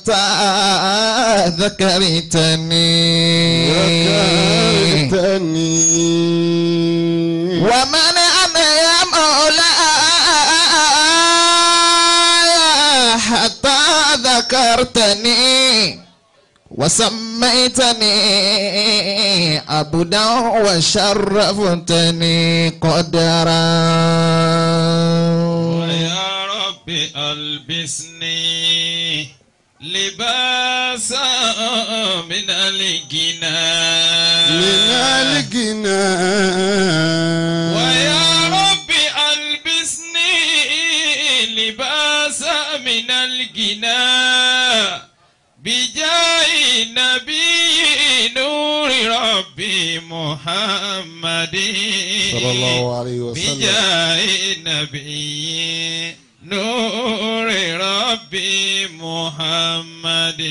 حتى ذكرتني ذكرتني ومن أنا يا مولاي حتى ذكرتني وسميتني عبدا وشرفتني قدرا ويا ربي ألبسني لباسا من الجنا من الجنا ويا رب ألبسني لباسا من الجنا بجاه نبي نور ربي محمد صلى الله عليه وسلم بجاه نبي نور ربي محمد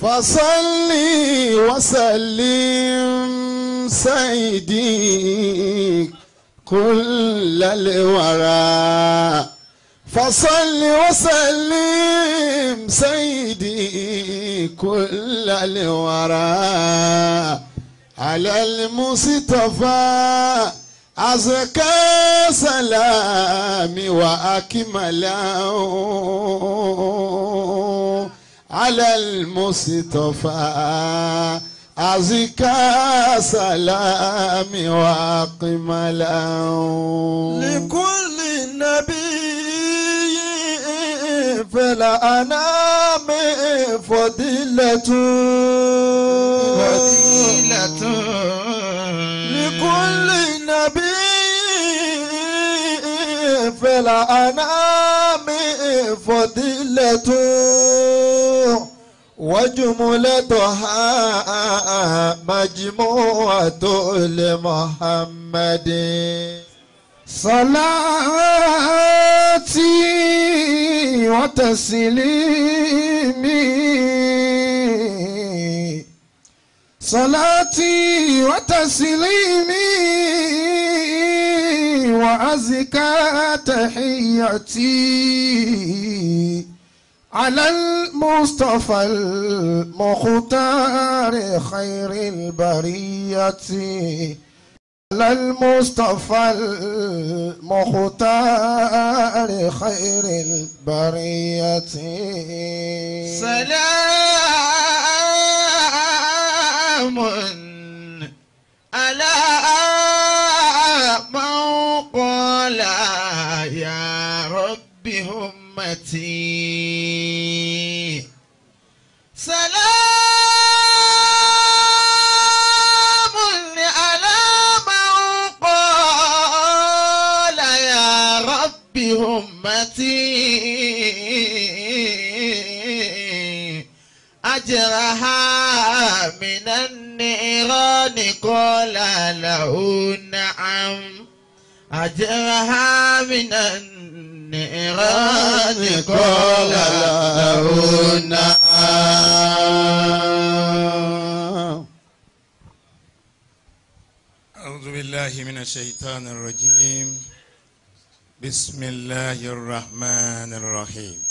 فصل وسلم سيدي كل الورى فصل وسلم سيدي كل الورى على المصطفى azaka salami wa akimalahu alal mustafa azaka salami wa akimalahu. likulli nabiyin fela anami fodilatu. fodilatu. به في الأنام فضيلة وجملتها مجموعة لمحمد صلاتي وتسليمي صلاتي وتسليمي وأزكى تحيتي على المصطفى المختار خير البرية على المصطفى المختار خير البرية سلام قوم ألا من قال يا رب همتي سلام أجرها من النيران قال له نعم أجرها من النيران قال له نعم أعوذ بالله من الشيطان الرجيم بسم الله الرحمن الرحيم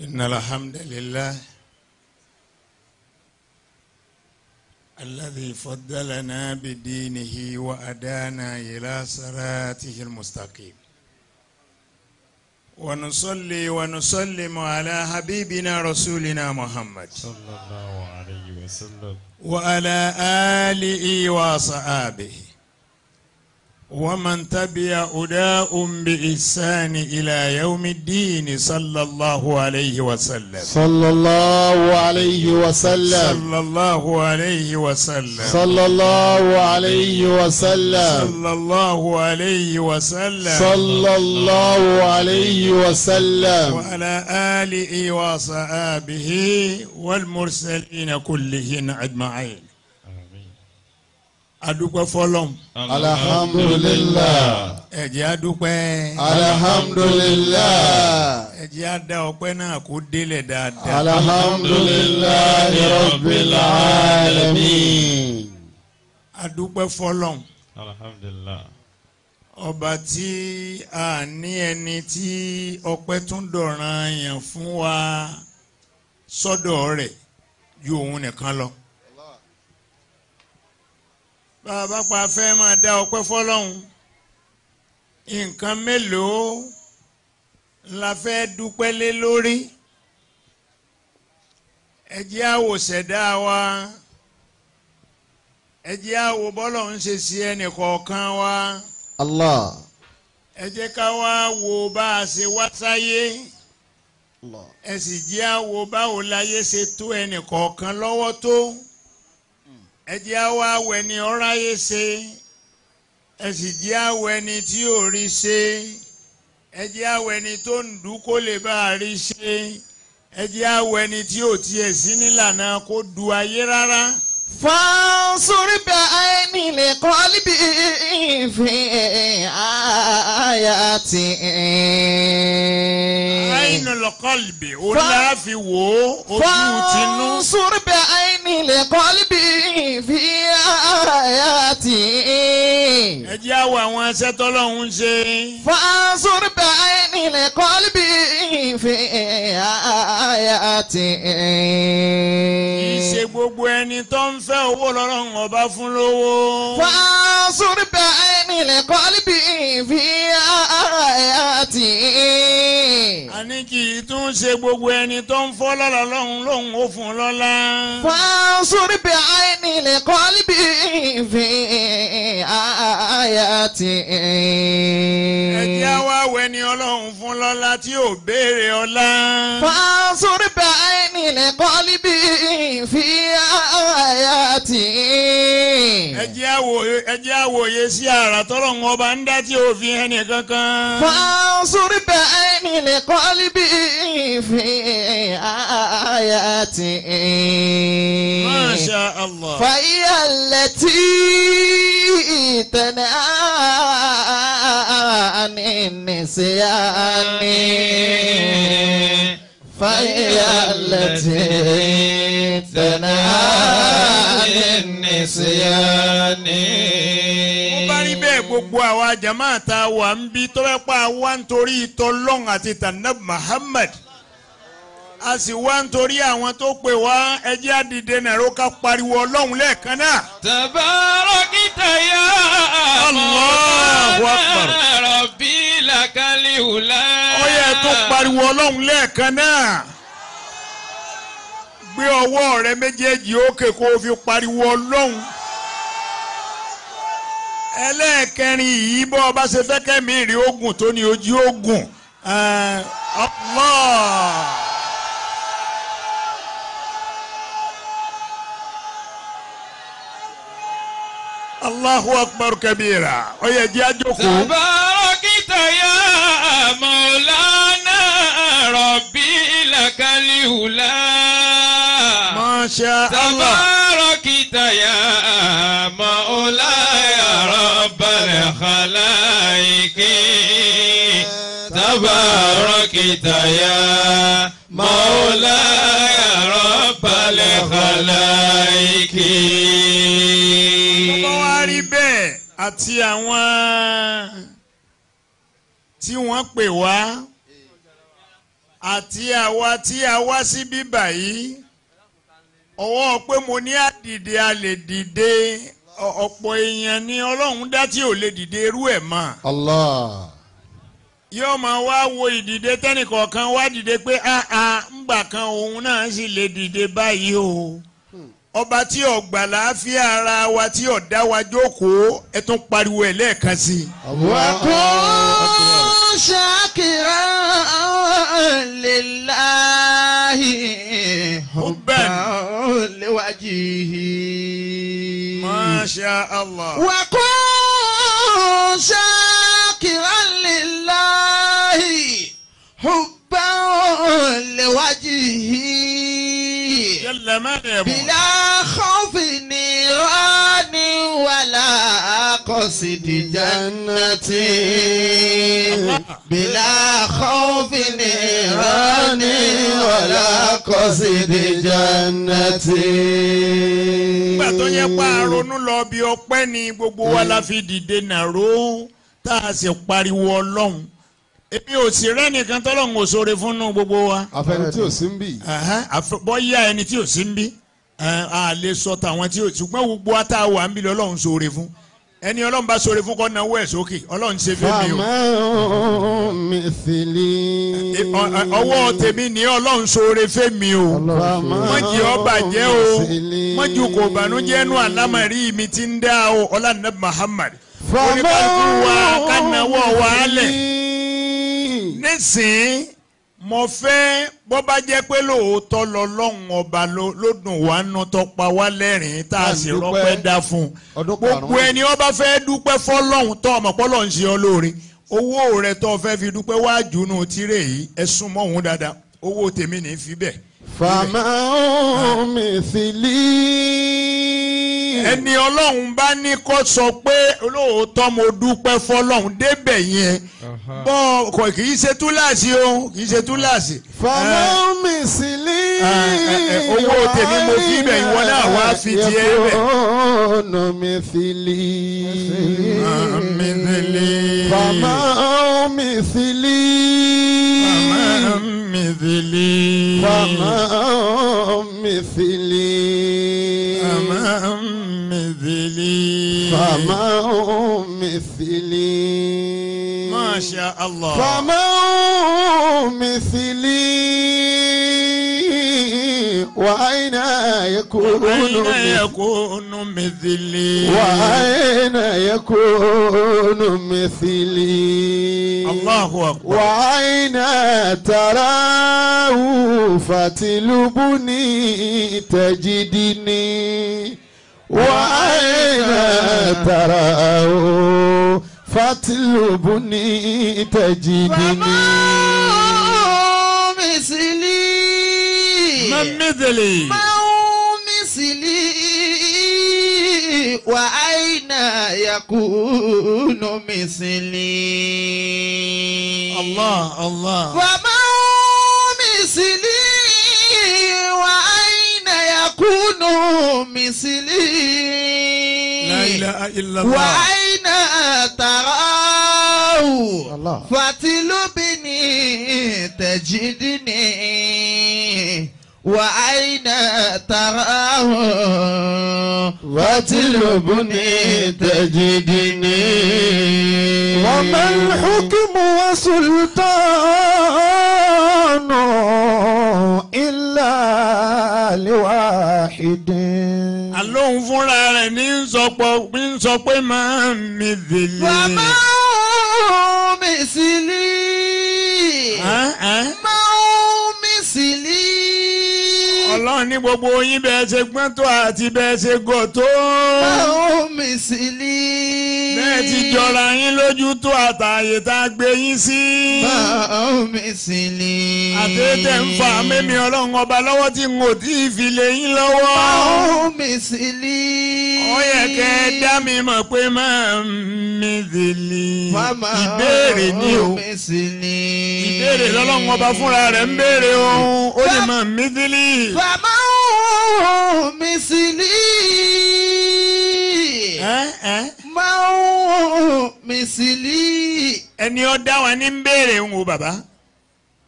إن الحمد لله الذي فضلنا بدينه وأدانا إلى صراطه المستقيم ونصلي ونسلم على حبيبنا رسولنا محمد صلى الله عليه وسلم وعلى آله وصحابه ومن تبع أداء بإحسان إلى يوم الدين صلى الله عليه وسلم صلى الله عليه وسلم صلى الله عليه وسلم صلى الله عليه وسلم صلى الله عليه وسلم صلى الله عليه وسلم وعلى آله وصحابه والمرسلين كلهم أجمعين adúpẹ́ fọlọ́m. alhamdulilah. ẹ jẹ́ adúpẹ́. alhamdulilah. ẹ jẹ́ adá ọpẹ́ náà kó délẹ̀ dáadáa. alhamdulilah rabbil alamin. adúpẹ́ fọlọ́m. alhamdulilah. ọba tí a ní ẹni tí ọpẹ́ tún dọ̀ràn yàn fún wa sọ́dọ̀ rẹ̀ ju òun nìkan lọ bàbá pa fẹ́ máa dá ọpẹ́ fọlọ́hún nǹkan mélòó la fẹ́ dúpẹ́ lé lórí ẹ jẹ́ á wò ṣẹ̀dá wa ẹ jẹ́ á wò bọ́lọ̀ ń ṣe sí ẹnì kọ̀ọ̀kan wa. Allah. ẹ jẹ́ ká wá wo bá a ṣe wá sáyé ẹ sì jẹ́ á báwo láyé ṣe tó ẹnì kọ̀ọ̀kan lọ́wọ́ tó. ẹ awa àwọ̀ àwẹ̀ ni ó ráyè ṣe ẹ sì jẹ́ àwọ̀ ẹni tí ò rí ṣe ẹ jẹ́ ẹni tó ń kó lè bá a rí ṣe ẹ jẹ́ ẹni tí ò tiẹ̀ sí nílànà kó du ayé rárá. fọ́nsúrìbẹ̀ àìnílẹ̀ kọ́líbì fi àyà ti. àìnílẹ̀ kọ́líbì ó láàfin wò ó ojú tinú. fọ́nsúrìbẹ̀ àìnílẹ̀ kọ́líbì fi àyà ti. ẹ jẹ́ àwọ̀ àwọn ẹsẹ̀ tọ́lọ́hún ṣe. fọ́nsúrìbẹ̀ àìnílẹ̀ kọ́líbì fi àyà ti. ìṣe gbogbo ẹni tó ń ń fẹ́ owó lọ́rọ̀ ọba fún lówó. fàásùrù bá ni lẹ́kọ́ níbi ìfi ara ẹ̀ àti. àní kì í tún ṣe gbogbo ẹni tó ń fọ́ lọ́la lọ́hùn lóhùn ó fún lọ́la. fàásùrù bá ẹni lẹ́kọ́ níbi ìfi ara àti. ẹ jẹ́ wá wẹni ọlọ́run fún lọ́la tí ò béèrè ọlá. fàásùrù bá ẹni lẹ́kọ́ níbi ìfi ara ẹ̀ àyàtì. ẹjẹ́ àwòye sí àrà tọ́lọ̀ ń ọba ń dá tí òfin ẹnì kankan. fọ́nsúrì bẹ́ẹ̀ ni lè kọ́ líbi ìfẹ́ àyàtì. Masha Allah. fàyà lẹ́tí tẹ̀lé àní nìṣẹ́ àní. فهي التي تنهى للنسيان gbogbo àwa jama ta wà ń bí tọ́wẹ́ pa wá nítorí tọ́lọ́n àti tanab Muhammad a sì wá nítorí àwọn tó pè wá ẹjẹ́ àdìde nàró ká pariwo ọlọ́run lẹ́ẹ̀kan náà. tabarakita ya Allah wa rabbi làkàlì hùlá. ó tó pariwo ọlọ́run lẹ́ẹ̀kan náà gbé ọwọ́ rẹ méjèèjì òkè kó o fi pariwo ọlọ́run ẹlẹ́ẹ̀kẹrin yìí bọ́ ọba ṣe fẹ́ kẹ́mi rí ogun tó ní ojú ogun Allah. Allahu akbar kabira ó jẹ́ àjòkó. يا مولانا ربي لك الهلا ما شاء الله تباركت يا مولاي رب الخلائق تباركت يا مولاي رب الخلائق bọ́wá rí bẹ́ẹ̀ àti àwọn tí wọ́n pè wá àti àwa tí a wá sí bíbà yìí ọwọ́ pé mo ní àdìde a lè dìde ọ̀pọ̀ èèyàn ni ọlọ́run dá tí ò lè dìde irú ẹ̀ mọ́. Allah. yóò máa wá wo ìdìde tẹ́nìkọ̀ọ̀kan wá dìde pé áá ah, ah, ńgbà kan òun náà sì lè dìde báyìí o ọba tí ó gbà ara wa tí ó dá wa jókòó ẹ tún pariwo ẹ lẹ́ẹ̀kan sí i. wà kún ṣàkìrà lillahi hubban liwajihi. masha allah. wà kún ṣàkìrà lillahi hubban liwajihi. jẹ́lẹ̀ mẹ́rin mọ́. مقاصد جنتي بلا خوف نيران ولا قصد جنتي. nígbà tó yẹ pa àrònú lọ bí ọpẹ́ ni gbogbo wa la fi dìde nàró tá a sì pariwo ọlọ́run èmi ò sì rẹ́nìkan tọ́lọ́run ò ṣoore fúnnú gbogbo wa. àfẹni tí ò sí ń bì. bọ́yá ẹni tí ò sí ń bì a lè sọ tàwọn tí ò ṣùgbọ́n gbogbo wa tá a wà ń bì lọ́lọ́run ṣoore fún ẹni ọlọ́run bá sọ̀rọ̀ fún kọ́ náwó ẹ̀ sókè ọlọ́run ṣe fẹ́ mi o. fàmà mi fìlì. ọwọ́ tèmi ni ọlọ́run sọ̀rọ̀ fẹ́ mi o. wọ́n jẹ́ ọ bàjẹ́ o wọ́n ju kò bànújẹ́ nù àlámàrí mi ti ń dá o ọlọ́run náà Muhammad. fàmà mi fìlì. oníkàlùkù wa ká náwó lẹ̀. nísìnyí mo fẹ́ bó bá jẹ́ pé lóòótọ́ lọ́lọ́run ọba ló dùn wá nù tó pa wá lẹ́rìn-ín tá a sì rọ́pẹ́ dá fún un gbogbo ẹni ọba fẹ́ dúpẹ́ fọ́lọ́run tó ọmọ pọ́lọ́ ń ṣe ọ lóore owó rẹ tó fẹ́ fi dúpẹ́ wá jùnú tirẹ̀ yìí ẹ sún mọ́ òun dáadáa owó tèmi ní fi bẹ́ẹ̀ fàmà mi sì lí. ẹni ọlọ́run bá ní kó sọ pé olóòótọ́ mo dúpẹ́ fọlọ́run débẹ̀ yẹn bọ́ kò kì í ṣe túláàsì o kì í ṣe túláàsì. fàmà mi sì lí. owó tèmi mo fi ibẹ̀ yìí wọlé àwa fi di ẹ bẹ̀. ọ̀nà mi sì fàmà mi sì أمام مثلي أمام مثلي فما مثلي ما شاء الله فما مثلي وأين يكون يكون مثلي وأين يكون مثلي الله أكبر وأين تراه فتلبني تجدني وأين تراه فتلبني تجدني من مثلي مثلي وأين يكون مثلي الله الله ومن مثلي وأين يكون مثلي لا إله إلا الله وأين تراه الله فتلبني تجدني وأين تراه وتلبني تجدني وما الحكم وسلطان إلا لواحد àlóhùn fúnra rẹ̀ ní ń sọ pé máa ń mi dìlì. wàá máa ń mi sílí. ọlọ́run ní gbogbo yín bẹ́ẹ̀ ṣe gbọ́n tó àti bẹ́ẹ̀ ṣe gọ̀ tó. báwo mi sì lè. bẹ́ẹ̀ ti jọra yín lójú tó àtàyè tá a gbé yín sí. báwo mi sì lè. àtẹ̀tẹ̀ ń fa mímí ọlọ́run ọba lọ́wọ́ tí n ò tí ì fi lé yín lọ́wọ́. báwo mi sì lè. ó yẹ kẹ́ ẹ dá mi mọ̀ pé máa mi sì lè. ìbéèrè ni o ìbéèrè lọ́lọ́run ọba fúnra rẹ̀ ń béèrè ohun ó lè mọ̀ mí sílí máa ń mi sí ní. máa ń mi sí ní. ẹni ó dá wa ní béèrè ń wo bàbá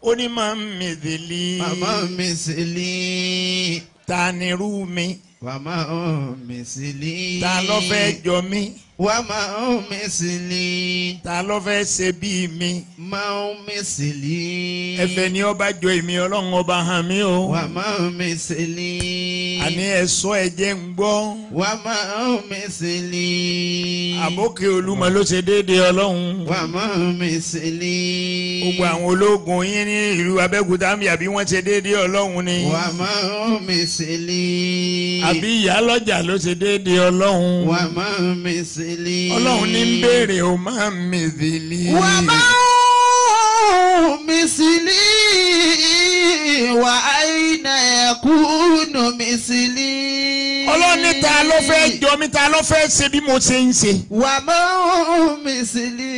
ó ní máa ń mi sí ní. màmá mi sí ní. ta ni irú mi. màmá mi sí ta ló jọ mí wà máa ń mẹ́sìlì. ta ló fẹ́ ṣe bíi mi. máa ń mẹ́sìlì. ẹ̀fẹ̀ ni ọba jọ èmi ọlọ́run ọba hàn mí o. wà máa ń mẹ́sìlì. àní ẹ̀sọ́ ẹ̀jẹ̀ ń gbọ́. wà máa ń mẹ́sìlì. àbókè olúmọ ló ṣe déédéé ọlọ́run. wà máa ń mẹ́sìlì. gbogbo àwọn ológun yín ní ìlú abẹ́òkúta mi àbí wọ́n ṣe déédéé ọlọ́run ni. wà máa ń mẹ́sìlì. àbí ìyálọ́jà ló ṣe déédéé ọlọ́run. wà máa ń mẹ́sìlì mìdìlì. ọlọ́run ní béèrè o máa mìdìlì. wà á máa ń mìsìlì wà àìnà ẹ̀kúnnù mi sí lé. ọlọ́ni ta ló fẹ́ jọ mi ta ló fẹ́ ṣe bí mo ṣe ń ṣe. wà mọ́ mi sí lé.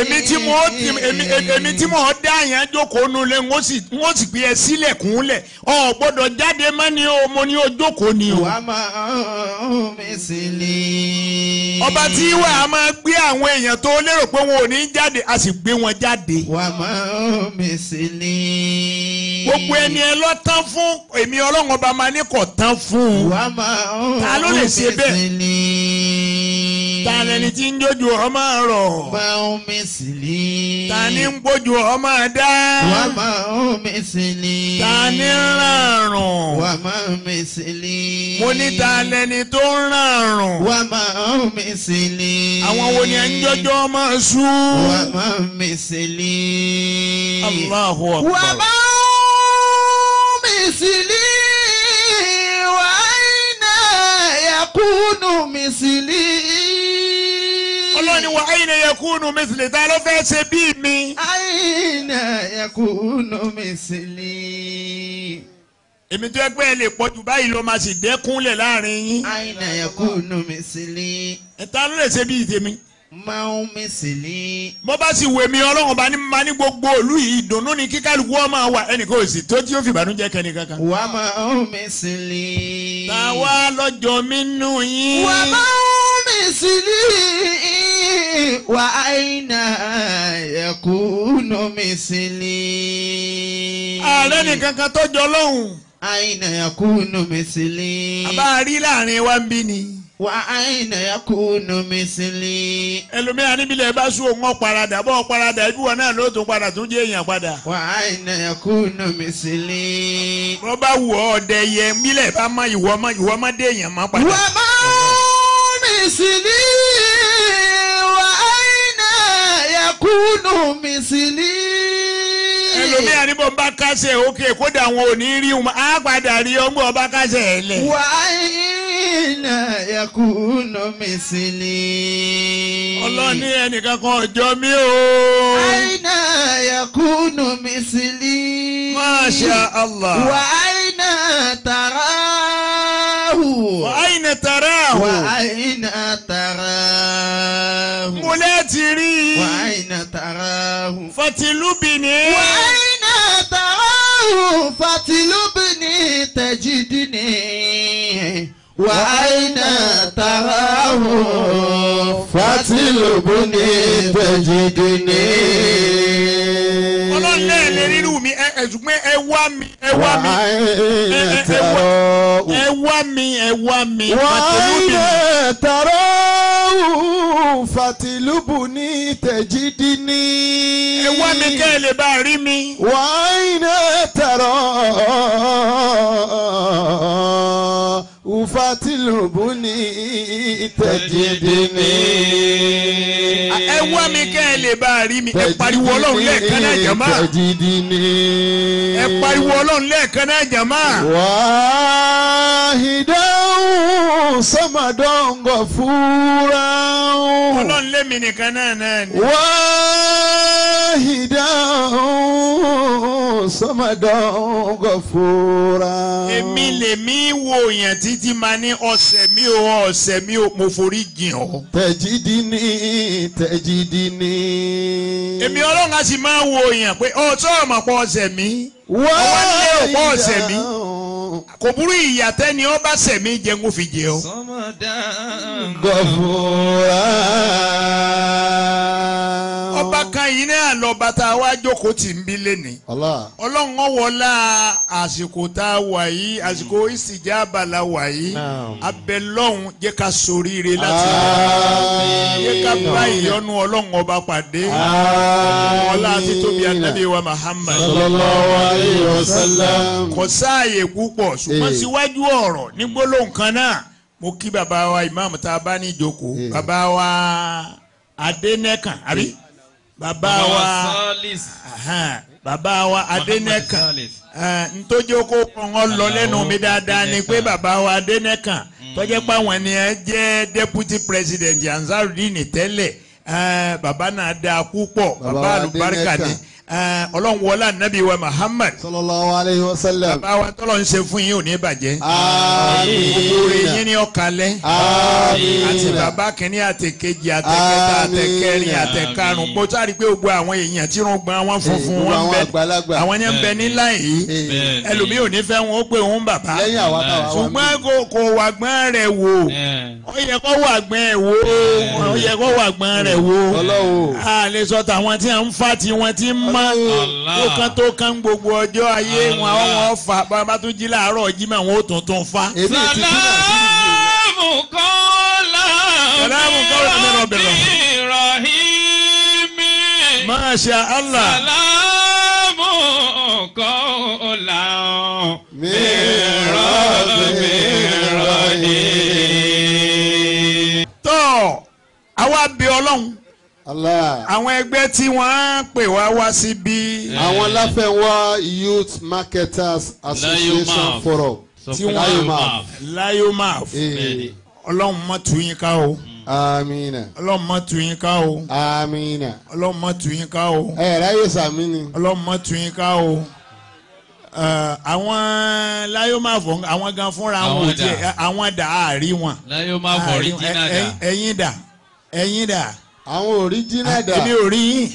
èmi tí mo èmi tí mo dá yẹn jókòó nulẹ̀ n ó sì n ó sì gbé ẹ sílẹ̀ kúnlẹ̀ ọ gbọ́dọ̀ jáde mọ́ ni o mo ní o jókòó ni o. wà mọ́ mi sí lé. ọba tí wàá máa gbé àwọn èèyàn tó lérò pé wọn ò ní jáde a sì gbé wọn jáde. wà mọ́ mi sí lé gbogbo ẹni ẹ lọ tán fún èmi ọlọ́run ọba máa ní kò tán fún un ta ló lè ṣe bẹ́ẹ̀ ta lẹni tí ń jójú ọmọ rọ̀. bá omi sì lè. ta ń gbójú ọmọ dá. wà má omi sì lè. ta ni ń ràrùn. wà má omi sì lè. mo ní ta lẹni tó ń ràrùn. wà má omi sì lè. àwọn wo ni ẹ jọjọ ọmọ sú. wà má omi sì lè. Allahu akbar. wà má omi sì lè. wà á iná yakunu mi sì lè wa àyìnà yakunu misili ta ló fẹ́ ṣe bí mi. àyìnà yakunu misili. èmi tó yẹ pé ẹ lè pọ̀jù báyìí ló máa sì dẹ́kunlẹ̀ láàrin yín. àyìnà yakunu misili. ẹ ta ló lè ṣe bí tèmi máa ń mi sì ní. bó bá sì wèmí ọlọ́run bá ní ma ní gbogbo ìlú yìí ìdùnnú ni kíkálukú ọmọ wa ẹnìkan ò sì tó tí ó fi ìbànújẹ́ kẹ́ni kankan. wà á máa ń mi sì ní. tàwa lọ́jọ́ mi nù yín. wà á máa ń mi sì ní. wà á iná ẹ̀kúnnú mi sì ní. ààrẹ nìkan kan tó jọ lọ́hùn. àìnà ẹ̀kúnnú mi sì ní. àbá rí láàrin wa ń bí ni. wà aina ya kunu misili? mi sílí. ẹlòmíràn níbi ilẹ̀ bá sún òun ọ̀paradà bọ́ ọ̀paradà ibi wọn náà ló tún padà tún jẹ́ èèyàn padà. wà ya kunu misili? mi wọ́n bá wù ọ́ ọdẹ yẹ mílẹ̀ bá ma ìwọ ìwọ dé èèyàn padà. wà á wà ya misili. bá kásẹ̀ òkè kódà ò ní rí wọn á padà àìnà yakunu mísìlì. ọlọ́ni ẹnìkan kan ọjọ́ mi o. àìnà yakunu mísìlì. Masha Allah. wà àìnà tàràhù. wà àìnà tàràhù. wà àìnà tàràhù. mo lẹ́ ti rí i. wà àìnà tàràhù. fatilubini. wà àìnà tàràhù fatilubini tẹ̀jídìní. وأين تراه فاتلبني تجدني ọlọ́run náà lè rírú mi ẹ ẹ̀dùnmẹ́ ẹ wá mi ẹ wá mi ẹ wá mi ẹ wá mi fàtìlúbù ni. tààrọ̀ fàtìlúbù ní tẹ̀jídì ní. ẹ wá mi kẹ́ ẹ lè bá a rí mi. wàá iná tààrọ̀ ufatilubu ni tẹjidini. ẹ wá mi kẹ́ ẹ lè bá a rí mi ẹ pariwo ọlọ́run lẹ́ẹ̀kan náà jàmá. tẹjidini. ẹ pariwo ọlọ́run lẹ́ẹ̀kan náà jàmá. wàhídẹ́hùn sọ́màdọ́ngọ̀ fúra. ọlọ́run lé mi nìkan náà náà ni. wàhídẹ́hùn sọmọdán gọfúra. èmi lèmi wo yẹn títí máa ní ọ̀sẹ̀ mi o ọ̀sẹ̀ mi o mo forí jìn ọ́. tẹ̀jídì ni tẹ̀jídì ni. èmi ọlọ́run á sì máa wo yẹn pé ọ̀sọ́ ọmọ pọ̀ ọ̀sẹ̀ mi. wọ́n lè pọ̀ ọ̀sẹ̀ mi. kò burú ìyàtẹ́ ni ọ sẹ̀mí jẹun fi jẹ ọ. sọmọdán yìí náà lọ́ba tá wá jókòó tì ń bí lẹ́ni. ọlọ́run ọ̀wọ́lá àsìkò tá wà yìí àsìkò hmm. ìsìjà abala wà yìí abẹ́lọ́hún jẹ́ ká soríire láti jẹ́ ká bá ìyọ́nú ọlọ́run ọba pàdé ọlá títóbi anábì wa Muhammad. sallallahu alayhi wa kò sáàyè púpọ̀ ṣùgbọ́n eh. síwájú ọ̀rọ̀ ní gbólóhùn kan náà mo kí wa tá a bá ní ìjókòó eh. wa bàbá wa bàbá wa Adénẹ́kàn ntójó kó kàn lọ lẹ́nu mi dáadáa ni pé bàbá wa Adénẹ́kàn mm. tọ́jẹ́ pàwọn ni ẹ jẹ́ deputy president Ansarudeen tẹ́lẹ̀ bàbá náà dáa púpọ̀ Eh, ọlọ́run wọlá nàbí wa muhammad. sallallahu alayhi wa sallam. bàbá wa tọ́lọ̀ ń ṣe fún yín ò bàjẹ́. àmín. orí yín ni ọ̀kalẹ̀. àmín. àti bàbá kìíní àtẹ̀kejì àtẹ̀kẹta àtẹ̀kẹrin àtẹ̀karùn. mo sáré pé gbogbo àwọn èèyàn tí irun gbọ́n wọn funfun wọn bẹ àwọn yẹn bẹ ní láyé. ẹlòmíì ò ní fẹ́ wọn ó pé òun bàbá. ṣùgbọ́n kò wà gbọ́n rẹ̀ wò. ó yẹ kó wà gbọ́n rẹ̀ wò. ó yẹ kó wà máa ń tó kán tó kán gbogbo ọjọ́ ayé wọn àwọn fà bàbá tó jí láàárọ̀ jí mà wọn ó tuntun fa. sàlámù kọ́lá sàlámù kọ́lá mẹ́rọ bẹ̀rẹ̀. rahimi masha allah. sàlámù kọ́lá mẹ́rọ bẹ̀rẹ̀. tọ́ àwa bí ọlọ́run. Allah. àwọn ẹgbẹ́ tí wọ́n pè wá wá síbí. Eh. àwọn láfẹ̀wá youth marketers association forum tí wọ́n láyọ̀máf. láyọ̀máf ọlọ́run má tú yín ká o. Amina. Ọlọ́run má tú yín ká o. Amina. Ọlọ́run má tú yín ká o. Ẹ ráyè sàmì ni. Ọlọ́run má tú yín ká o. Eh, àwọn láyọ̀máf àwọn gan fúnra wọn ò jẹ́ àwọn dà á rí wọn. láyọ̀máf ọ̀ríjínà ah, dà. Ẹ̀yin dà. Ẹ̀yin dà àwọn original ah, dà. èmi ò rí yín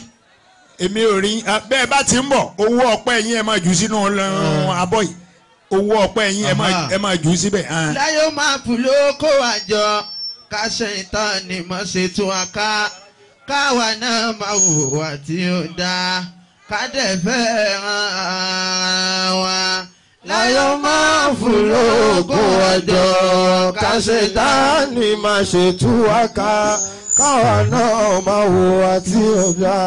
èmi ò rí yín ah, bẹ́ẹ̀ bá ti ń bọ̀ owó ọ̀pẹ yín ẹ máa jù sínú hmm. abọ́ yìí owó ọ̀pẹ yín ẹ máa jù síbẹ̀. Ah. láyé ó máa pù ló kó àjọ ká ìtàn ni mo ṣe tún wa ká káwa náà máa hùwà tí ó dáa ká dẹ̀ fẹ́ ràn ara wa láyọ̀ máa fúlò ògùn ọjọ́ ká ṣe dání máa ṣe tú wa ká káwa náà máa wo àti ọ̀gá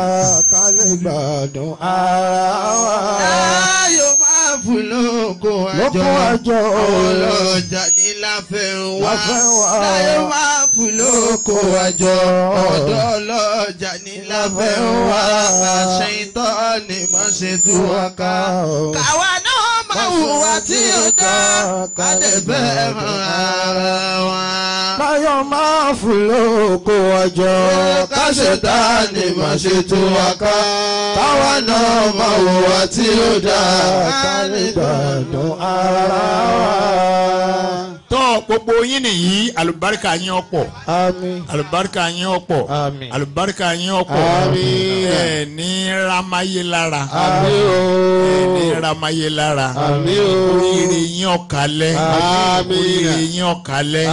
ká lè gbádùn ara wa. ayọ̀ máa fún lóko àjọ àjọ ọlọ́jà ní láfẹ́ràn wá. máa fún lóko àjọ ọ̀dọ́ ọlọ́jà ní láfẹ́ràn àṣẹ ìtọ́ ni má ṣe tú wa ká. káwa náà máa hùwà tí ọ̀gá ká ara wa káyọ̀ máa fò lóko ọjọ́ káṣẹ̀dá ni mà ṣe tó wa ká káwa náà máa wò wá tí ó dáa ká lè gbàdùn ara wa tọ́ gbogbo yín nìyí alùbáríkà yín ọ̀pọ̀ alùbáríkà yín ọ̀pọ̀ alùbáríkà yín ọ̀pọ̀ ẹ̀ ní ramáyé lára ẹ̀ ní ramáyé lára oríire yín ọ̀kalẹ̀ oríire yín ọ̀kalẹ̀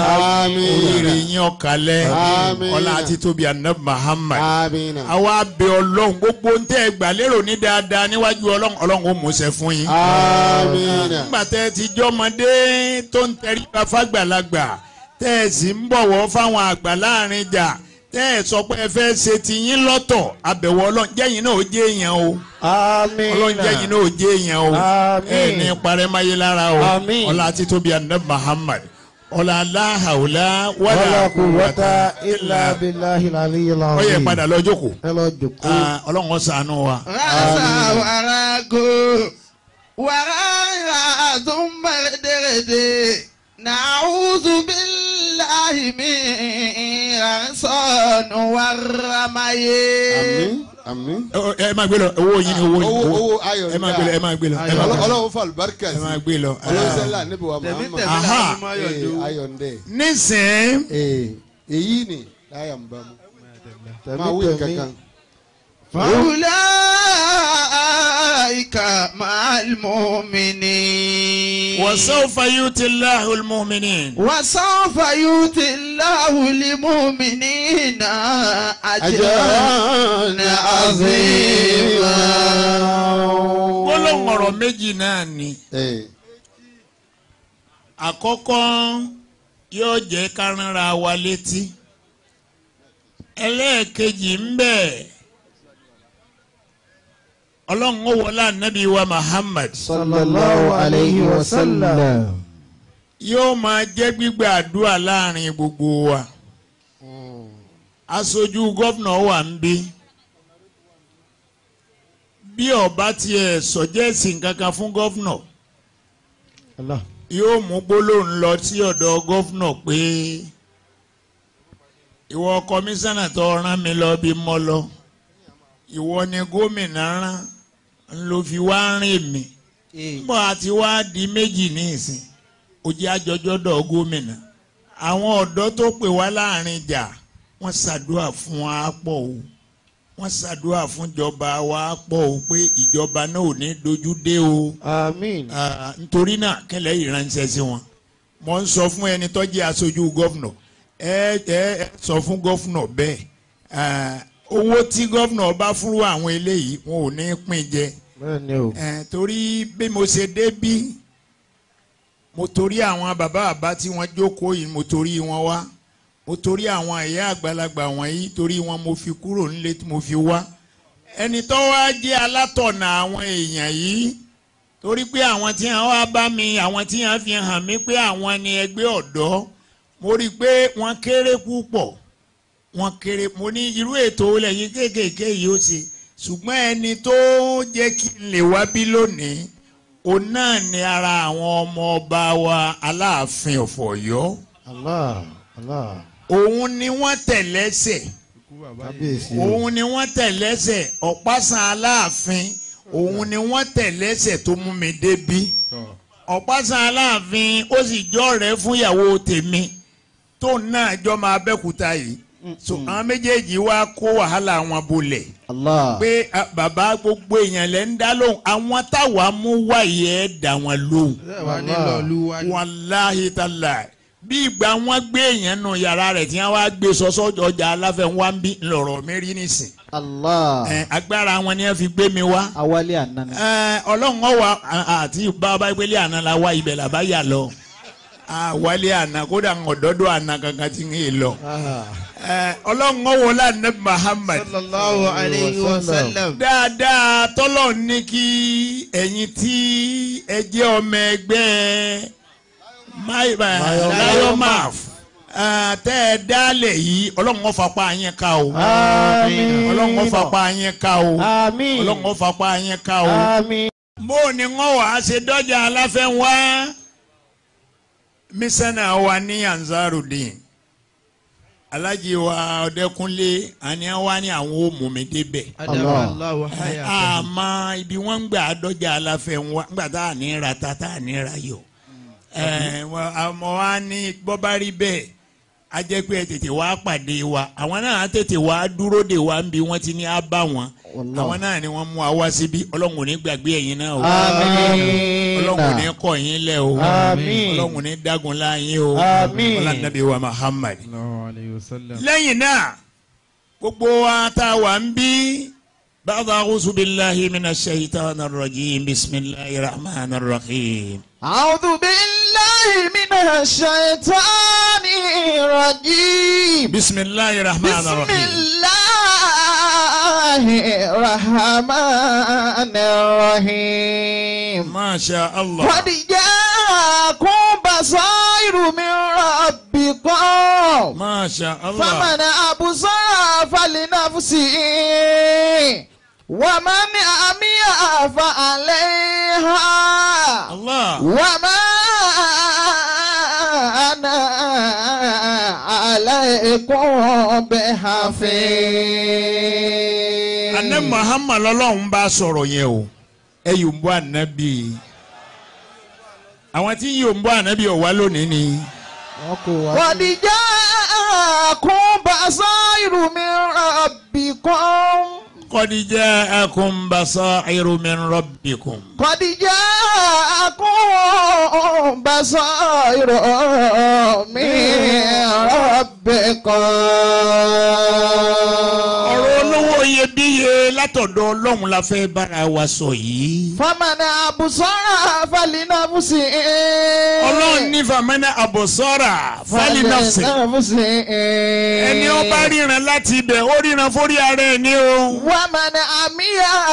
oríire yín ọlá àti tóbi anab Muhammad àwa bẹ̀ ọlọ́run gbogbo ń tẹ́ gbà lérò ní dáadáa níwájú ọlọ́run ọlọ́run ó múṣẹ fún yín. nígbà tẹ́ ti jọ́mọdé tó ń tẹríba fàgbàlagbà tẹ́ ẹ sì ń bọ̀wọ̀ fáwọn àgbà láàrin jà tẹ́ ẹ sọ pé ẹ fẹ́ ṣe ti yín lọ́tọ̀ àbẹ̀wò ọlọ́run jẹ́yìn náà ó jẹ́ èèyàn o ọlọ́run jẹ́yìn náà ó jẹ́ èèyàn o ẹ̀ ní parẹ́máyé lára o ọlá àti tóbi anab Muhammad ọ̀la aláhàwùlá wàlà kùwàtà ilà abilà ìlàlí ìlàlí. ó yẹ padà lọ jókòó. ẹ lọ jókòó. Ah, ọlọ́run ṣàánú wa. rasa wàrà kò wàrà ìlà tó ń bẹ̀rẹ̀ dẹ̀rẹ̀dẹ̀ nàáhùsù bíláhìmí ìrànsọ̀nù wàrà máyé. àmín àmín. ẹ máa gbé lọ owó yín owó yín owó ayọ̀ ẹ máa gbé lọ ẹ máa gbé lọ. ọlọ́run fà lùbáríkà sí. ẹ máa gbé lọ. ọlọ́run sẹ́lá níbo wa máa ma. aha ayọ̀ ndẹ. nísìnyí. èyí ni láyà ń bá mu. máa wí kankan. فأولئك مع المؤمنين وسوف يؤتي الله المؤمنين وسوف يؤتي الله المؤمنين أجرا عظيما gbólóhùn ọ̀rọ̀ méjì náà ni àkọ́kọ́ yóò jẹ́ ká ránra wa létí ẹlẹ́ẹ̀kejì ń bẹ́ẹ̀. ọlọ́run ó wọlé ànábì wa muhammad. sallallahu alayhi wa sallam. yóò máa jẹ́ gbígbà àdúrà láàrin gbogbo wa. aṣojú gómìnà wa ń bí. bí ọba tiẹ̀ sọ̀jẹ́sì kankan fún gómìnà. yóò mú gbólóhùn lọ sí ọ̀dọ̀ gómìnà pé ìwọ kọmíṣánná tó lọ bí lọ ni gómìnà ló fi wá rìn mí eh. nígbà àti wá di méjì ní ìsìn òjì àjọjọ́dọ̀ gómìnà àwọn ọ̀dọ́ tó pè wá láàrin jà wọ́n ṣàdúrà fún wa pọ̀ o wọ́n ṣàdúrà fúnjọba wa pọ̀ o pé ìjọba náà ò ní dojú dé o àmín nítorí náà kẹlẹ́ ìránṣẹ́ sí wọn mo ń sọ fún ẹni tó jẹ́ aṣojú gọ́fúnọ̀ ẹ ẹ sọ fún gọ́fúnọ̀ bẹ́ẹ̀ owó tí gómìnà bá fúrú àwọn eléyìí wọn ò ní pín jẹ torí bí mo ṣe dé bí mo torí àwọn bàbá bàbá tí wọ́n jókòó yìí mo torí wọn wá mo torí àwọn ẹ̀yà àgbàlagbà wọ̀nyí torí wọn mo fi kúrò nílé tí mo fi wá ẹni tó wá jẹ́ alátọ̀nà àwọn èèyàn yìí torí pé àwọn tí wọ́n wá bá mi àwọn tí wọ́n fi hàn mí pé àwọn ni ẹgbẹ́ ọ̀dọ́ mo rí i pé wọ́n kéré púpọ̀ wọn kéré mo ní irú ètò lẹ́yìn kéékèèké yìí ó ṣe ṣùgbọ́n ẹni tó jẹ́ kí n lè wá bí lónìí òun náà ni ara àwọn ọmọ ọba wa aláàfin ọ̀fọ̀ yọ. Allah, Allah. òun ni wọ́n tẹ̀lẹ́sẹ̀ òun ni wọ́n tẹ̀lẹ́sẹ̀ ọ̀pásán aláàfin òun ni wọ́n tẹ̀lẹ́sẹ̀ tó mú mi débí ọ̀pásán aláàfin ó sì jọ́ rẹ̀ fún ìyàwó tèmi tóun náà jọ́ máa bẹ́kúta yìí so àwọn méjèèjì wá kó wàhálà wọn bolẹ̀ pé bàbá gbogbo èèyàn lẹ́ ń dá lóhùn àwọn táwa mú wáyé ẹ̀ dá wọn lóhùn wàláhi tàlà bí ìgbà wọn gbé èèyàn nù yàrá rẹ̀ tí wọ́n wá gbé sọ́sọ́ ọjà aláfẹ́ wọn ń bí lọ̀rọ̀ mi rí nísìn. agbára wọn ni ẹ fi gbé mi wá. ọlọ́run ọ̀wà àti bàbá ìpínlẹ̀ àná la wá ibẹ̀ làbá lọ àwálé ah, àná kódà ń àná kankan ti ń yé lọ. Ah. Eh, ọlọ́run ọwọ́ lànà Muhammad. sallallahu alayhi wa sallam. dáadáa tọ́lọ̀ ní kí ẹ̀yin tí ẹ jẹ́ ọmọ ẹgbẹ́ mayomaf eh, eh, tẹ́ ẹ dálẹ̀ yìí ọlọ́run ó fapá yín ká o. ọlọ́run ó fapá yín ká o. ọlọ́run ó fapá yín ká o. bó o ní wọ́n wàá ṣe dọ́jà aláfẹ́ wá mísánà wa ní Ansarudeen alájí wa ọdẹkúnlé àní wa ní àwọn òmù mi débẹ̀. àmọ́ ibi wọ́n ń gbà dọ́jà aláfẹ́ wa ńgbà tá à ní ra ta tá à ní ra yọ. Mm. ọmọ wa ní bọ́bá bẹ́ẹ̀ a jẹ́ pé ẹ tètè wá pàdé wa àwọn náà tètè wá dúró de wa ń bi wọ́n ti ní á bá wọn àwọn náà ni wọ́n mú wa wá síbí ọlọ́run ò ní gbàgbé ẹ̀yin náà o ọlọ́run ò ní kọ̀ yín lẹ̀ o ọlọ́run ò ní dágun láyín o ọlọ́run nàbí wa Muhammad lẹ́yìn náà gbogbo wa tá a wà ń bí bàbá awúsù billahi mina shaitanir rajim bismillahir rahmanir rahim. a'udhu billahi. بالله من الشيطان الرجيم بسم الله الرحمن الرحيم بسم الله الرحمن الرحيم ما شاء الله قد جاءكم بصائر من ربكم ما شاء الله فمن أبصر فلنفسه ومن أمي فعليها kún ọbẹ̀ hafẹ́. àná Muhammad lọ́lọ́run bá sọ̀rọ̀ yẹn o ẹ yóò ń bọ́ ànábì àwọn tí yóò ń bọ́ ànábì ọ̀wá lónìí ni. wàdìjà kún bàṣà ìrùmí rabbikum kọ́díjà akúnbàṣà irúmin rọ́bìkún. kọ́díjà akúnbàṣà irúmin rọ́bìkún. ọ̀rọ̀ olówó iyebíye látọ̀dọ̀ ọlọ́run la fẹ́ bára wa sọ yìí. famana abusora falina busi. ọlọ́run ní famana abusora falina busi. ẹni ọba ríran láti ibẹ̀ ó ríran fórí ara ẹ̀ o. wá mọ̀nà àmì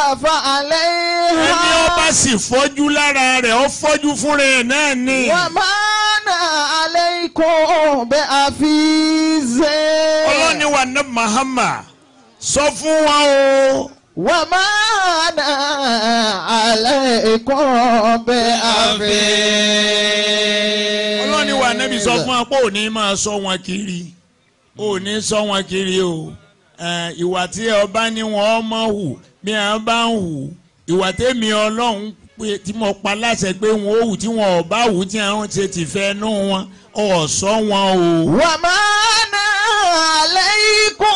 àfà àlẹ́ yìí. ẹni ọba sì fọ́jú lára rẹ̀ ó fọ́jú fúnra ẹ̀ náà ni. wọ́n máa nà alẹ́ ikọ̀ bẹ́ àfíìsẹ́. ọlọ́ni wa ní Muhammad sọ fún wa o. wọ́n máa nà alẹ́ ikọ̀ bẹ́ àfíìsẹ́. ọlọ́ni wa nẹ́bi sọ fún wa pé òní máa sọ wọn kiri òní sọ wọn kiri o. Eh, ìwà tí ọba ní wọn mọ̀ hù bí wọn bá ń hù ìwà tèmi ọlọ́run tí mo pa láṣẹ pé wọn ò hù tí wọn ò bá hù tí wọn ṣe ti fẹ́ nú wọn ọ̀sọ́ wọn o. wà á máa ná alẹ́ ikú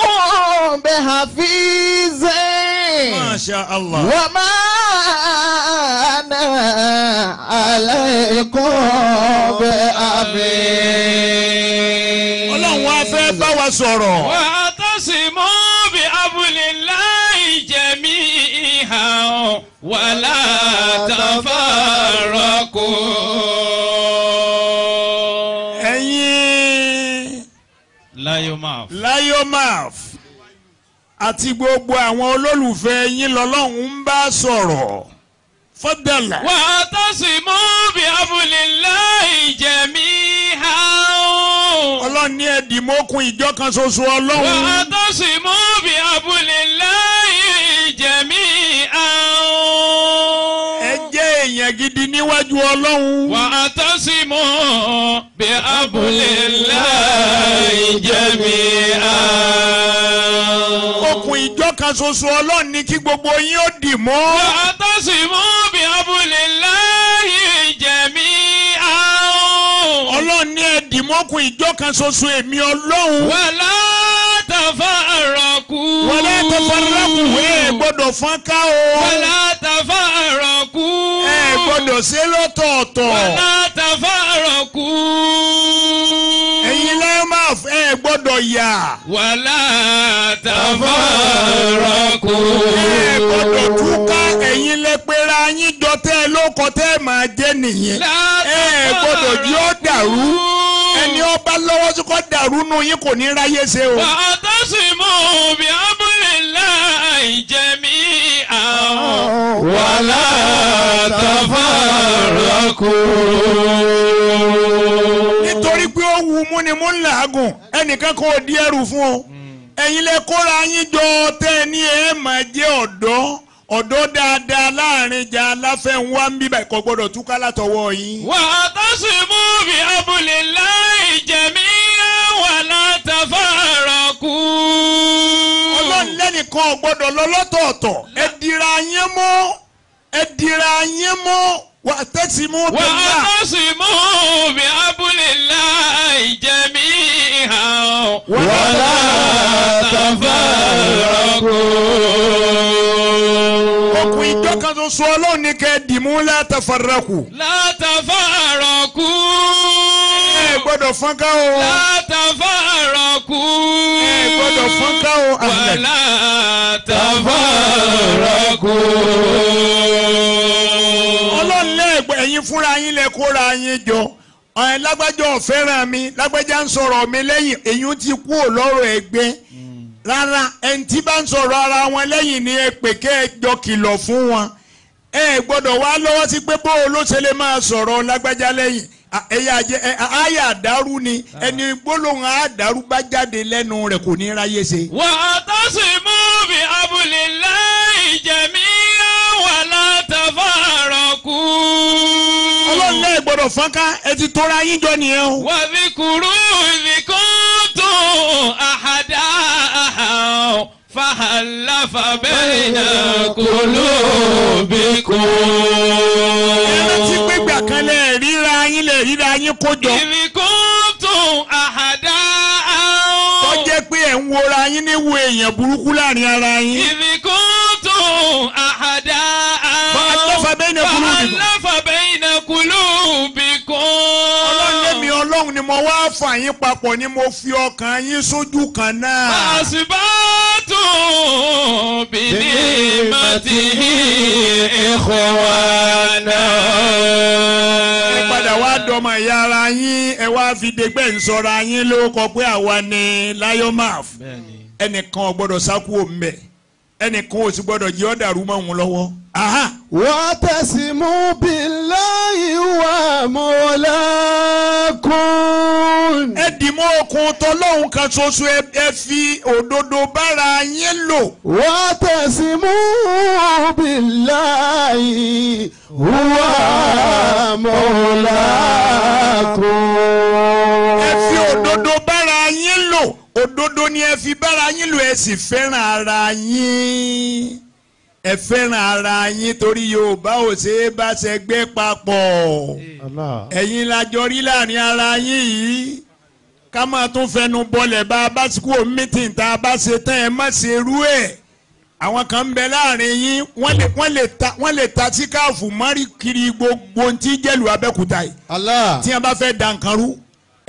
bẹ́ hafizẹ́. masha allah. wà á máa ná alẹ́ ikú bẹ́ hafizẹ́. ọlọ́run á fẹ́ bá wa sọ̀rọ̀. wà á. wàlá tàfàràkù. ẹ̀yin layomaf layomaf àti gbogbo àwọn olólùfẹ́ yín lọ́lọ́run ń bá sọ̀rọ̀ fọ́dàlà. wà á tọ́sí mú bí abúlélẹ́ ìjẹ̀mí ha ó. ọlọ́run ní ẹ̀dìmọ́kùn ìjọ kan ṣoṣo ọlọ́run. wà á tọ́sí mú bí abúlélẹ́. níwájú ọlọ́run. wà á tán sí mọ́ bí abúlé láì jẹ́ mi á. okùn ìjọ kan ṣoṣo ọlọ́run ni kí gbogbo yín ó dì mọ́. wà á tán sí mọ́ bí abúlé láì jẹ́ mi á. ọlọ́run ní ẹ̀dìmọ́kùn ìjọ kan ṣoṣo èmi ọlọ́run. wà láà tafarraqu. wala tafarraqu ẹ gbọ́dọ̀ fọ́nká o. wala tafarraqu. ẹ gbọ́dọ̀ ṣe lọ́tọ̀ọ̀tọ̀. wala tafarraqu gbọ́dọ̀ yà. wàhálà tàfàràkù. ẹ gbọ́dọ̀ túká ẹ̀yin lẹ pera yín jọ tẹ́ lóko tẹ́ máa jẹ́ nìyẹn. ẹ gbọ́dọ̀ yọ dàrú. ẹni ọba lọ́wọ́ tí kò dàrú nù yín kò ní ráyè ṣe o. wà sì mú bí abdullahi jẹ́mi àwọn. wàhálà tàfàràkù ewu mú ni mú ń làágùn ẹnìkan kò di ẹrù fún o ẹ̀yin lẹ kóra yín jọ tẹ́ ẹ ní ẹ máa jẹ́ ọ̀dọ́ ọ̀dọ́ dáadáa láàrin ìjà aláfẹ́ wá ń bíbà kò gbọ́dọ̀ túká látọwọ́ yín. wà á tó sì mú bí abúlé láì jẹ̀mí wà látàfàràkù. ọlọ́run lẹ́nìkan ò gbọ́dọ̀ ẹ dira yín mọ́ ẹ dira yín mọ́. واعتصموا بالله واعتصموا بحبل الله جميعا ولا تفرقوا okùn ìjọ kan ṣoṣo ọlọ́run ní kẹ́ dìmú la tafarraku. la tafarraku. ẹ gbọ́dọ̀ fọ́nká o. la gbọ́dọ̀ fọ́nká o àlẹ́. wàlá tàbárọ̀kọ. ọlọ́run lẹ́ẹ̀gbẹ́ ẹ̀yin fúnra yín lẹ kóra yín jọ ọ̀hìn lágbájá mi lágbájá ń sọ̀rọ̀ mi lẹ́yìn èyí ti kú lọ́rọ̀ ẹgbẹ́ rárá ẹni tí bá ń sọ̀rọ̀ ara wọn lẹ́yìn ni ẹ pè kẹ́ ẹ jọ kìlọ̀ fún wọn ẹ gbọ́dọ̀ wá lọ́wọ́ sí pé bó o ló ṣe lè máa sọ̀rọ̀ lágbájá lẹ́yìn ẹyà ajẹ ẹ ayé àdárú ni ah. ẹni gbólóhùn àdárú bá jáde lẹ́nu rẹ̀ kò ní ráyè ṣe. wà á tó sì mú bí abúlé láì jẹ̀mí wà látàfà ọlọ́run lẹ́yìn gbọ́dọ̀ fọ́nká ẹ ti tóra yín jọ nìyẹn o. wà á fi kúrú ìdíkùn tó àhàdá fàhàlàfà bẹ́ẹ̀ náà kò lóòbí kò. ẹ rántí pé gbàkanlẹ̀ fúnra yín lè ríra yín kójọ. ìrìnkúntùn àhàdá àwọn. tó jẹ́ pé ẹ̀ ń wora yín níwo èèyàn burúkú láàrin ara yín. ìrìnkúntùn àhàdá àwọn. bá a lọ́fà bẹ́ẹ̀ ní kulú bìkún. bá a lọ́fà bẹ́ẹ̀ ní kulú bìkún. ọlọ́lẹ́mi ọlọ́run ni mo wá fà yín papọ̀ ni mo fi ọkàn yín sójú kan náà. àṣìbáàtù bìnnì màtìhì ẹ̀kọ́ wa. ọmọ ìyá ara yín ẹ wá fi dégbẹ́ ń sọra yín lórúkọ pé àwa ni Lionmouth ẹnìkan ò gbọ́dọ̀ sákúò ń bẹ̀ ẹnìkan ò sì gbọ́dọ̀ jẹ́ ọ̀dàrú mọ́ òun lọ́wọ́ wa'tasimu billahi wa mawlakum. ẹ dì mọ́ okùn tọ́lọ́hun kan ṣoṣo ẹ fi òdodo bára yín lò. wa'tasimu billahi wa mawlakum. ẹ fi òdodo bára yín lò òdodo ni ẹ fi bára yín lò ẹ sì fẹ́ràn ara yín ẹ fẹ́ràn ara yín torí Yorùbá ò ṣe é bá ṣẹgbẹ́ papọ̀ ẹ̀yin lajọ rí láàrin ara yín yìí ká máa tún fẹnu bọlẹ̀ bá a bá sìkú òun mítìn tá a bá ṣe tán ẹ má ṣe rú ẹ̀ àwọn kan ń bẹ láàrin yín wọ́n lè ta síkáàfù mọ́rí kiri gbogbo tí jẹ́lu Abẹ́òkúta yìí tí wọ́n bá fẹ́ da nǹkan rú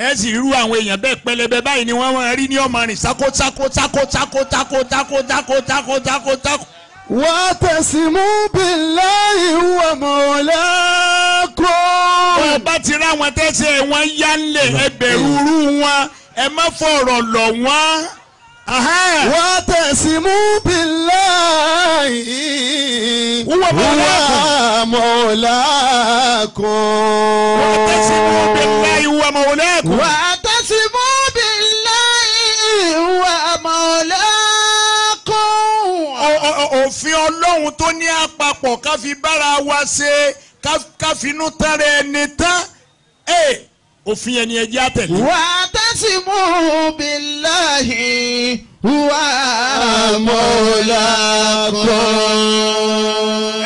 ẹ sì rírú àwọn èèyàn bẹ́ẹ̀ pẹlẹbẹ báyìí ni wọ́n rí ní ọmọ rìn sákó sákó sákó sákó sákó sákó sákó sákó sákó sákó wa'tasimu billahi huwa mawlakum. wọ́n a bá ti rá àwọn tẹ́sẹ̀ wọn yálẹ̀ ẹ bẹ̀rù irú wọn ẹ má fọ̀rọ̀ lọ̀ wọ́n. wa'tasimu billahi huwa mawlakum. wa'tasimu billahi huwa mawlakum. wa'tasimu billahi huwa mawlakum òfin ọlọ́run tó ní àpapọ̀ ká fi bára wa ṣe ká finú tán ẹni tán òfin ẹni ẹjẹ́ àtẹ̀lé. wà á tẹ́sí mú billahi wà á mọ́lá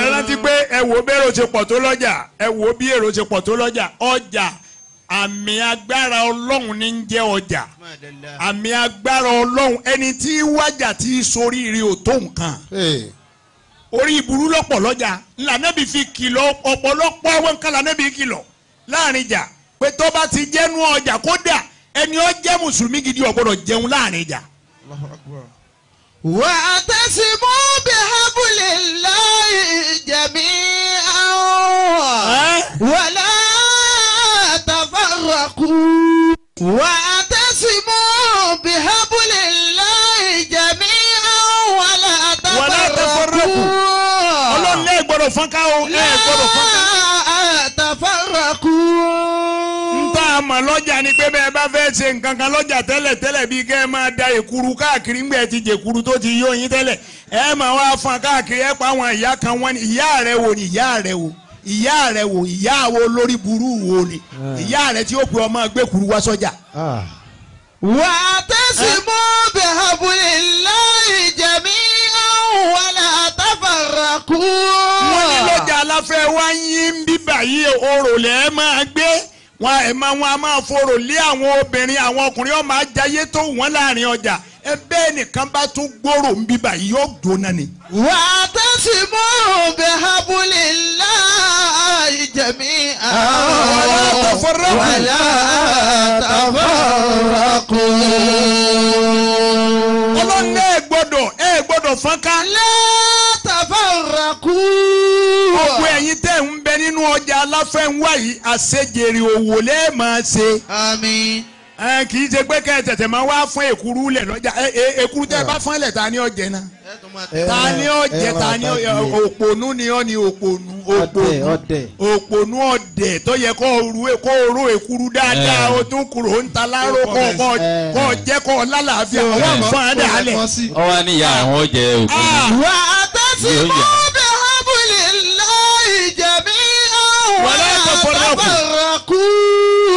ẹ rántí pé ẹ wo bí èrò ṣe pọ̀ tó lọ́jà ẹ wo bí èrò ṣe pọ̀ tó lọ́jà ọjà àmì agbára ọlọ́run ní ń jẹ́ ọjà àmì agbára ọlọ́run ẹni tí wájà tí soríire ò tó nǹkan orí ìburú lọ́pọ̀ lọ́jà lànàbí fi kìlọ̀ ọ̀pọ̀lọpọ̀ wọn kan lànàbí kìlọ̀ láàrin ìjà pé tó bá ti jẹ́nu ọjà kódà ẹni ó jẹ́ mùsùlùmí gidi ò jẹun láàrin ìjà. wà á tẹ̀sí mú bí hábùlì láì jẹ̀mí àwọn wà تتقوا واعتصموا بحبل الله جميعا n tá a mọ̀ lọ́jà ni pé bẹ́ẹ̀ bá fẹ́ ṣe nǹkan kan lọ́jà tẹ́lẹ̀ tẹ́lẹ̀ bíi kẹ́ ẹ da èkuru káàkiri ńgbẹ́ ti jèkuru tó ti yóyin tẹ́lẹ̀ ẹ máa wá káàkiri ẹ rẹ wo rẹ wo. ìyá rẹ wò ìyá wo lórí burú wo ni ah. ìyá rẹ tí ó pe ọmọ gbẹkuru wá sọjà. Ah. wà á tẹ̀sí mú eh. bí habulillahi jami'an wala tafarraqu. Ah. wọ́n ní lọ́jà aláfẹ́ wá yín bíbà yìí òrò lẹ́ẹ̀ máa gbé. wọn ẹ máa wọn a máa forò lé àwọn obìnrin àwọn ọkùnrin ọmọ ajayé tó wọn láàrin ọjà ẹ bẹ́ẹ̀ nìkan bá tún gbòòrò ń bíbà yìí yóò gbóná ni. wà á tẹ̀sí mọ́ bẹ́ abúlé ńlá ìjẹ̀mí àwọn wàlá tàfàràkù. ọlọ́run ẹ gbọ́dọ̀ ẹ gbọ́dọ̀ fọ́nká. lẹ́ẹ̀ gbogbo ẹ̀yin tẹ̀ ń bẹ nínú ọjà aláfẹ́nwá yìí àṣejèrè òwò lẹ́ẹ̀ máa ṣe. ẹ ṣe pé kẹ́ ẹ máa wá fún èkúrú lẹ lọ́jà èkúrú tẹ bá ah. fún ẹ ta ni ọjẹ náà. Eh, ta ni ọjẹ eh, ta ni eh, òpònú ni ọ ni òpònú òpònú tó yẹ kó e, ro èkúrú dáadáa o tún kúrò ń ta láró lálàáfíà ọwọ́ ni ìyá àwọn òpònú. mọ́ ah. kù. bàràkú.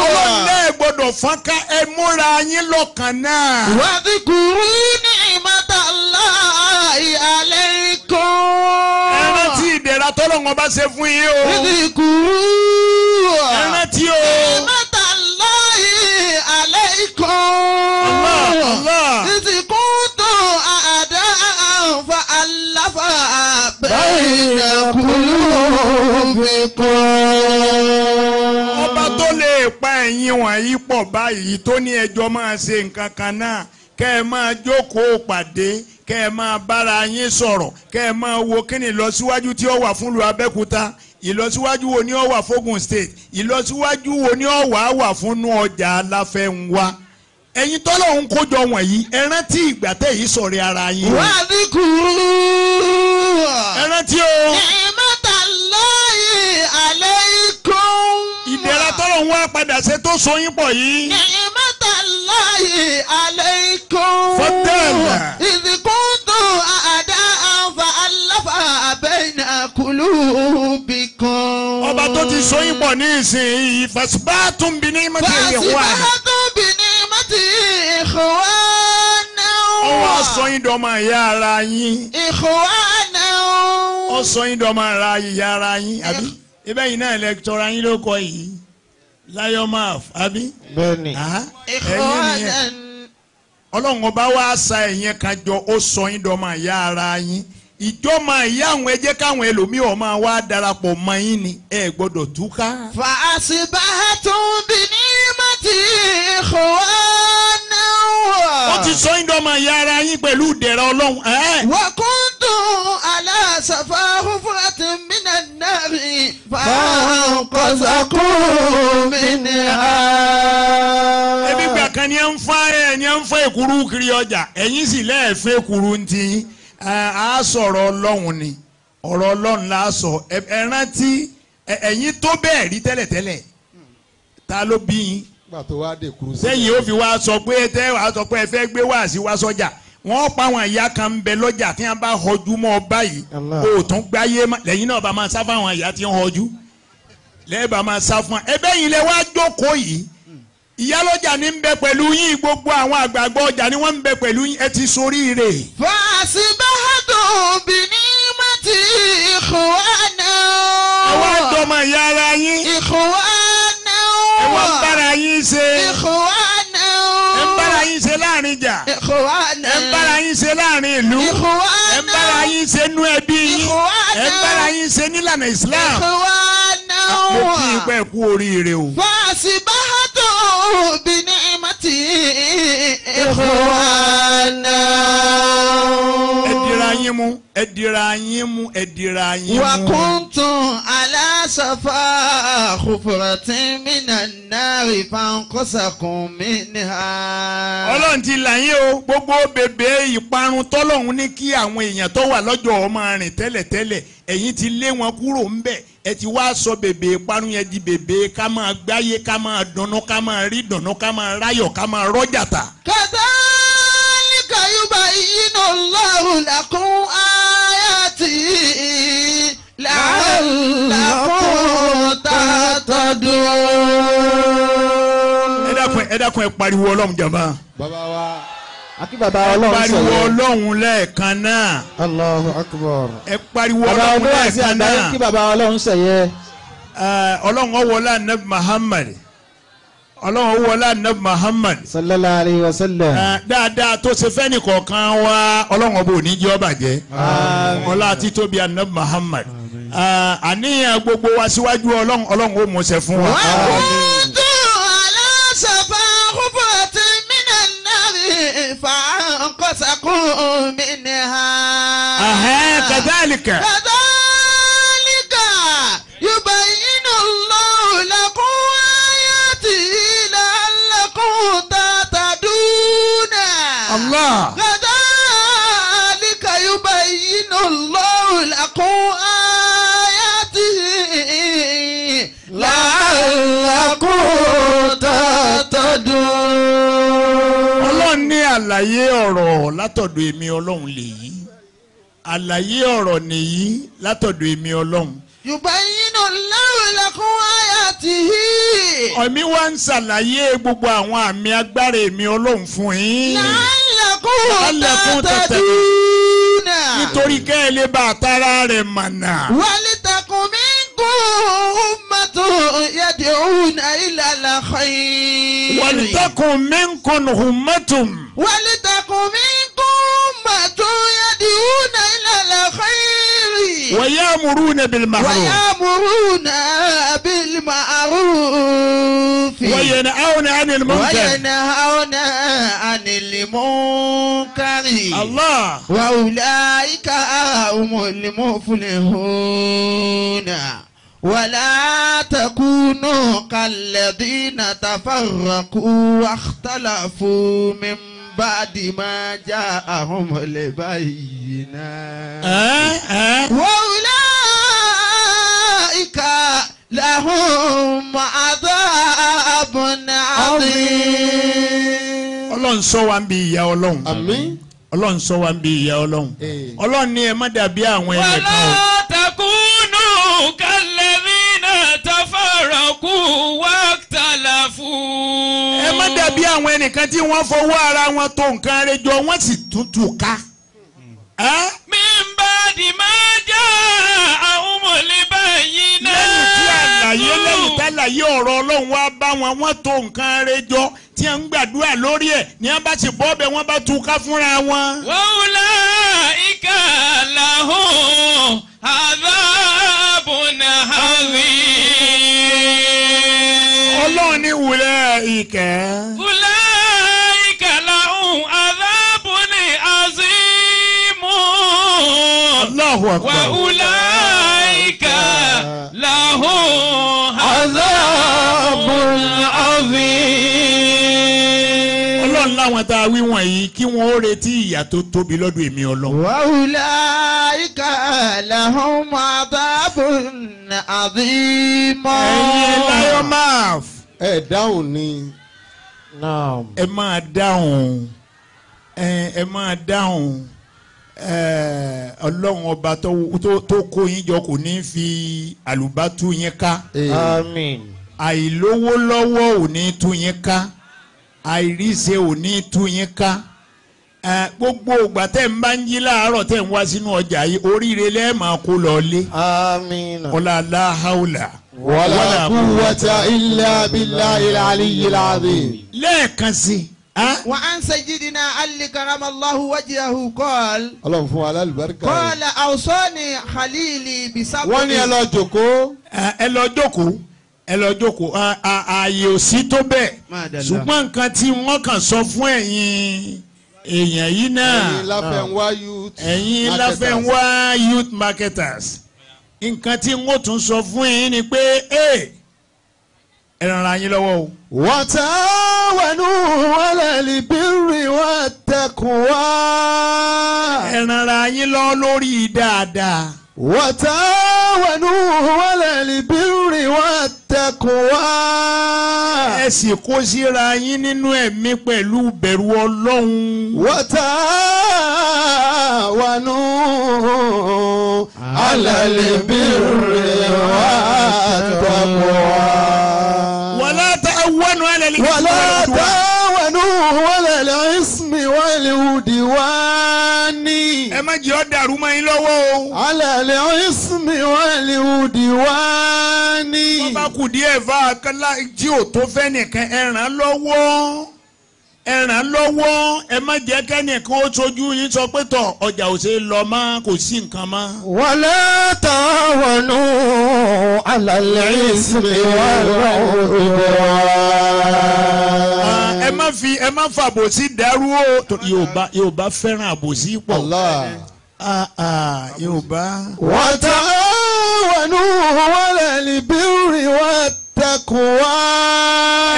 ọlọ́ọ̀lẹ́ gbọ́dọ̀ fọ́nká ẹ múra yín lọ́kàn náà. wàdí kùrú ní ìmọ̀tà láàyè alẹ́ kọ́. ẹ rántí ìdẹ̀ra tọ́lọ́wọ́n bá ṣe fún yín o. wàdí kùrú. ẹ rántí o. ìmọ̀tà láàyè alẹ́ kọ́. Allah Allah. بين قلوبكم ọba tó lè pa ẹ̀yin wọ̀nyí pọ̀ báyìí tó ní ẹjọ́ máa ṣe nǹkan kan náà kẹ́ ẹ máa jókòó pàdé kẹ́ ẹ máa bára yín sọ̀rọ̀ kẹ́ ẹ máa wo kí ìlọsíwájú tí ó wà fún ìlú Abẹ́òkúta ìlọsíwájú wo ni ó wà fógun state ìlọsíwájú wo ni ó wà wà fún ọjà aláfẹ́ ń wá ẹ̀yin tọ́lọ̀ ń kójọ wọ̀nyí ẹ rántí ìgbà tẹ̀ yìí sọ̀rọ̀ ara yín. wà á ní kú. ẹ rántí o. ẹ̀ẹ́mẹ́ta lọ́yìn alẹ́ ikún. ìdẹ̀ra tọ́lọ̀ ń wá padà ṣe tó so yín pọ̀ yìí. ẹ̀ẹ́mẹ́ta lọ́yìn alẹ́ ikún. fọ́tẹ́ẹ̀lì. ìdìkúndù àdá àǹfà aláfà àbẹ́yìnà kùlù bìkan. ọba tó ti so pọ̀ ní ìsìn yìí fàṣibá tún bí ní mọ́tò ìyẹ̀wò àná. fàṣibá tún Ikhwana. Ọwọ́ àsọyìn dọ́mọ ìyá ara yín. Ikhwana. Ọ̀sọyìn dọ́mọ ìyá ara yín àbí? Ibẹ̀ yìí náà lẹ́kítọ́ra yín ló kọ yìí. Láyọ̀ máa àbí? Bẹ́ẹ̀ni. Ikhwana. Ọlọ́run ọba wá sa ẹ̀yẹn kan jọ ó sọyìn dọ́mọ ìyá ara yín ìjọba ìyá àwọn ẹ káwọn ẹlòmíì ọmọ wa darapọ̀ mọ́ yín ni ẹ gbọ́dọ̀ túká. fàásìbá tún bí ní ti ikhwana wa. ó ti sọ yín dọ́mọ ìyá ara yín pẹ̀lú ìdẹ̀ra ọlọ́run. wa kuntum ala safa hufratin minan nari fanqazakum minha. ẹbí gbà kan ni ẹ ń fa ẹ ni ẹ ń fa èkúrú kiri ọjà ẹ̀yin sì lẹ́ẹ̀fẹ́ èkúrú ń ti á sọ̀rọ̀ ọlọ́run ni ọ̀rọ̀ ọlọ́run la sọ ẹ rántí ẹ̀yin tó bẹ́ẹ̀ rí tẹ́lẹ̀tẹ́lẹ̀ ta ló bí yín pàtó sẹ́yìn ó fi wá sọ pé tẹ́ wàá sọ pé ẹ fẹ́ gbé wá sí wá sọ́jà wọ́n pa àwọn ìyá kan ń bẹ lọ́jà tí wọ́n bá họjú mọ́ ọ báyìí kó o tún gbáyé lẹ́yìn náà bá máa sá fún àwọn ìyá tí ń họjú lẹ́ẹ̀bà máa sá fún wa ẹbẹ́ yìí lẹ wá jókòó yìí ìyálọ́jà ní ń bẹ pẹ̀lú yín gbogbo àwọn àgbààgbà ọjà ni wọ́n ń bẹ pẹ̀lú yín ẹ ti sórí rè. fàṣì bá dùn ẹ wá ṣe. ikhwana o. ẹ ń bára yín ṣe láàrin ìjà. ikhwana. ẹ ń bára yín ṣe láàrin ìlú. ikhwana. ẹ ń bára yín ṣe nú ẹbí yín. ikhwana. ẹ ń bára yín ṣe nílànà Islam. ikhwana o. mo kí i pé kú oríire o. fàṣì bá ní ìmọ̀tì. ikhwana yín mú ẹ dira yín mú ẹ dira yín mú. wà kún tún aláṣàfà kòfòròtì mìíràn náà ìfàǹkọ́sàkùn mi ti là yín o gbogbo bèbè ìparun tọ́lọ́hún ní kí àwọn èèyàn tó wà lọ́jọ́ ọmọ rìn tẹ́lẹ̀tẹ́lẹ̀ ẹ̀yin ti lé wọn kúrò ńbẹ̀ ẹ ti wá sọ bèbè ìparun yẹn di bèbè ká máa gbáyé ká máa dùnnú ká máa rí dùnnú ká máa ráyọ̀ ká máa rọ́jàtà. kẹtẹ́ kàyúbà yínà lọ́hùn làkún áyàtì làkún tàtọ́dún. ẹ dákun ẹ dákun ẹ pariwo ọlọ́run jàmbá. bàbá wa àti bàbá ọlọ́run sọ̀rọ̀ ẹ pariwo ọlọ́run lẹ́ẹ̀kan náà. Allahu Akbar. ẹ pariwo ọlọ́run lẹ́ẹ̀kan náà. bàbá ọlọ́run àti àgbáyé kí bàbá ọlọ́run sẹ̀yẹ. Muhammad ọlọ́run wọlá nabi muhammad. sallallahu alayhi wa sallam. Ah, dáadáa tó ṣe fẹ́ni kọ̀ọ̀kan wa ọlọ́run ọba ò ní jẹ́ ó bàjẹ́. ọlá títóbi anabi muhammad. Ah, àníyàn gbogbo wa síwájú ọlọ́run ọlọ́run ó mọ̀ọ́sẹ̀ fún wa. wọ́n kú aláṣàbà kúbọ̀ tí mínà nàbì fà ń kọ́sàkùn mi Allah. Kadhalika yubayinu Allahu lakum ayatihi la'allakum tahtadun. Ọlọ́run ní àlàyé ọ̀rọ̀ látọ̀dọ̀ èmi Ọlọ́run lèyí. Àlàyé ọ̀rọ̀ nìyí látọ̀dọ̀ èmi Ọlọ́run. Yubayyinu Allahu lakum ayatihi èmi wá ń ṣàlàyé gbogbo àwọn àmì agbára èmi ọlọ́run fún yín làálẹ̀kùn tẹ̀tẹ̀ nítorí kẹ́ ẹ lè bá àtàrà rẹ̀ mọ̀nà. wálé takùn mí kún mọ́tò yẹ́dì òun ilà làkọ́yìn. wálé takùn mí kún mọ́tò. wálé takùn mí kún mọ́tò yẹ́dì òun ilà làkọ́yìn. ويامرون بالمعروف ويامرون بالمعروف وينهون عن المنكر وينهون عن المنكر الله وأولئك هم المفلحون ولا تكونوا كالذين تفرقوا واختلفوا من bàdì máa já àwọn mọ̀lẹ́bà yìí náà. wọ́n láìka làwọn màdà àbọ̀nà àdín. ọlọ́run sọ wa ń bi ìyá ọlọ́run. àmín. ọlọ́run sọ wa ń bi ìyá ọlọ́run. ọlọ́run ní ẹ má dàbí àwọn ẹ̀yẹ kan o. wọ́n kálẹ̀ mí náà tó fọ̀rọ̀ kú wákàtà. ẹ má dàbí àwọn ẹnìkan tí wọ́n fọwọ́ ara wọn tó nǹkan rẹ jọ wọ́n sì tún tù ká. mi ń bá di máa já àwọn mọ̀lẹ́ báyìí náà. lẹ́yìn tí àlàyé lẹ́yìn tálàyé ọ̀rọ̀ ọlọ́run wá bá wọn wọ́n tó nǹkan rẹ jọ tí wọ́n ń gbàdúrà lórí ẹ̀ ní wọ́n bá ti bọ́ ọbẹ̀ wọ́n bá tú fúnra wọn. wọ́n lá ìkàlà hàn àbábọ̀nà àwìn. ní wulẹ̀ ìkẹ́. wulẹ̀ ìkẹ́ làwọn azábù ní azimu. Allahu akbar. wà wulẹ̀ ìkẹ́ làwọn azábù azimu. ọlọ́run láwọn tá a wí wọ̀nyí kí wọ́n ó retí ìyà tó tóbi lọ́dọ̀ èmi ọlọ́run. wà wulẹ̀ ìkẹ́ làwọn azábù azimu. ẹ̀yin láyọ̀ máa f. ẹ dáhùn ni. ẹ máa dáhùn ẹ máa dáhùn ọlọ́run ọba tó kó yín jọ kò ní fi àlùbátú yín ká. àmín. àìlówó lọ́wọ́ ò ní tú yín ká àìríṣe ò ní tú yín ká gbogbo ìgbà tẹ́ ń bá ń jí láàárọ̀ tẹ́ ń wá sínú ọjà yìí oríire lẹ́ẹ̀ máa kó lọ lé. àmín. ọlá aláhàúlà. wala quwwata illa billahil aliyyil azim. lẹ́ẹ̀kan sí. wa an sajidina ali karamallahu wajahu kọ́ọ̀l. ọlọ́run fún wa alálùbáríkà. kọ́ọ̀lá awsani khalili bisabu. wọ́n ní ẹ lọ jókòó. ẹ lọ jókòó ẹ lọ jókòó ààyè ò sí tó bẹ́ẹ̀ ṣùgbọ́n nǹkan tí wọ́n kàn sọ fún ẹ̀yin èèyàn yìí náà ẹ̀yin láfẹ́ ń wá youth marketers nǹkan tí n ó tún sọ fún yín ni pé ẹ ràn ara yín lọ́wọ́ o. wa ta'awanu 'ala al-birri wat-taqwa. ẹ ràn ara yín lọ lórí dáadáa wàtáwánú wàlẹ̀lì bírì wà tẹkùnwá. ẹ sì kó síra yín nínú ẹ̀mí pẹ̀lú bẹ̀rù ọlọ́run. wàtáwánú àlẹ̀lì bírì wà tẹkùnwá. wàlá táwánú àlẹ̀lì bírì wà tẹkùnwá. wàlá táwánú wàlẹ̀lì ìsmi wàlẹ̀ òdìwá yìí. ẹ má jẹ́ ọ́ dàrú mọ́ yín lọ́wọ́ o. alẹ́ ìsinmi wàlẹ̀ òdì wá ní. wọ́n bá kù díẹ̀ fà á kí ó tó fẹ́ nìkan ẹ̀ràn lọ́wọ́ ẹ ràn lọ́wọ́ ẹ má jẹ́ kẹ́nìkan ó tójú yín sọ pé tọ̀ ọjà ò ṣe é lọ mọ́ kò sí nǹkan mọ́. wọlé tàwọnù alàlẹ́ ìsinmi wàrà òwúrọ̀. ẹ má fi ẹ má fa àbòsí dàrú o Yorùbá Yorùbá fẹ́ràn àbòsí pọ̀. Yorùbá. wọ́n tàwọnù wọlé ìbírin wọ́n. tẹkùwá.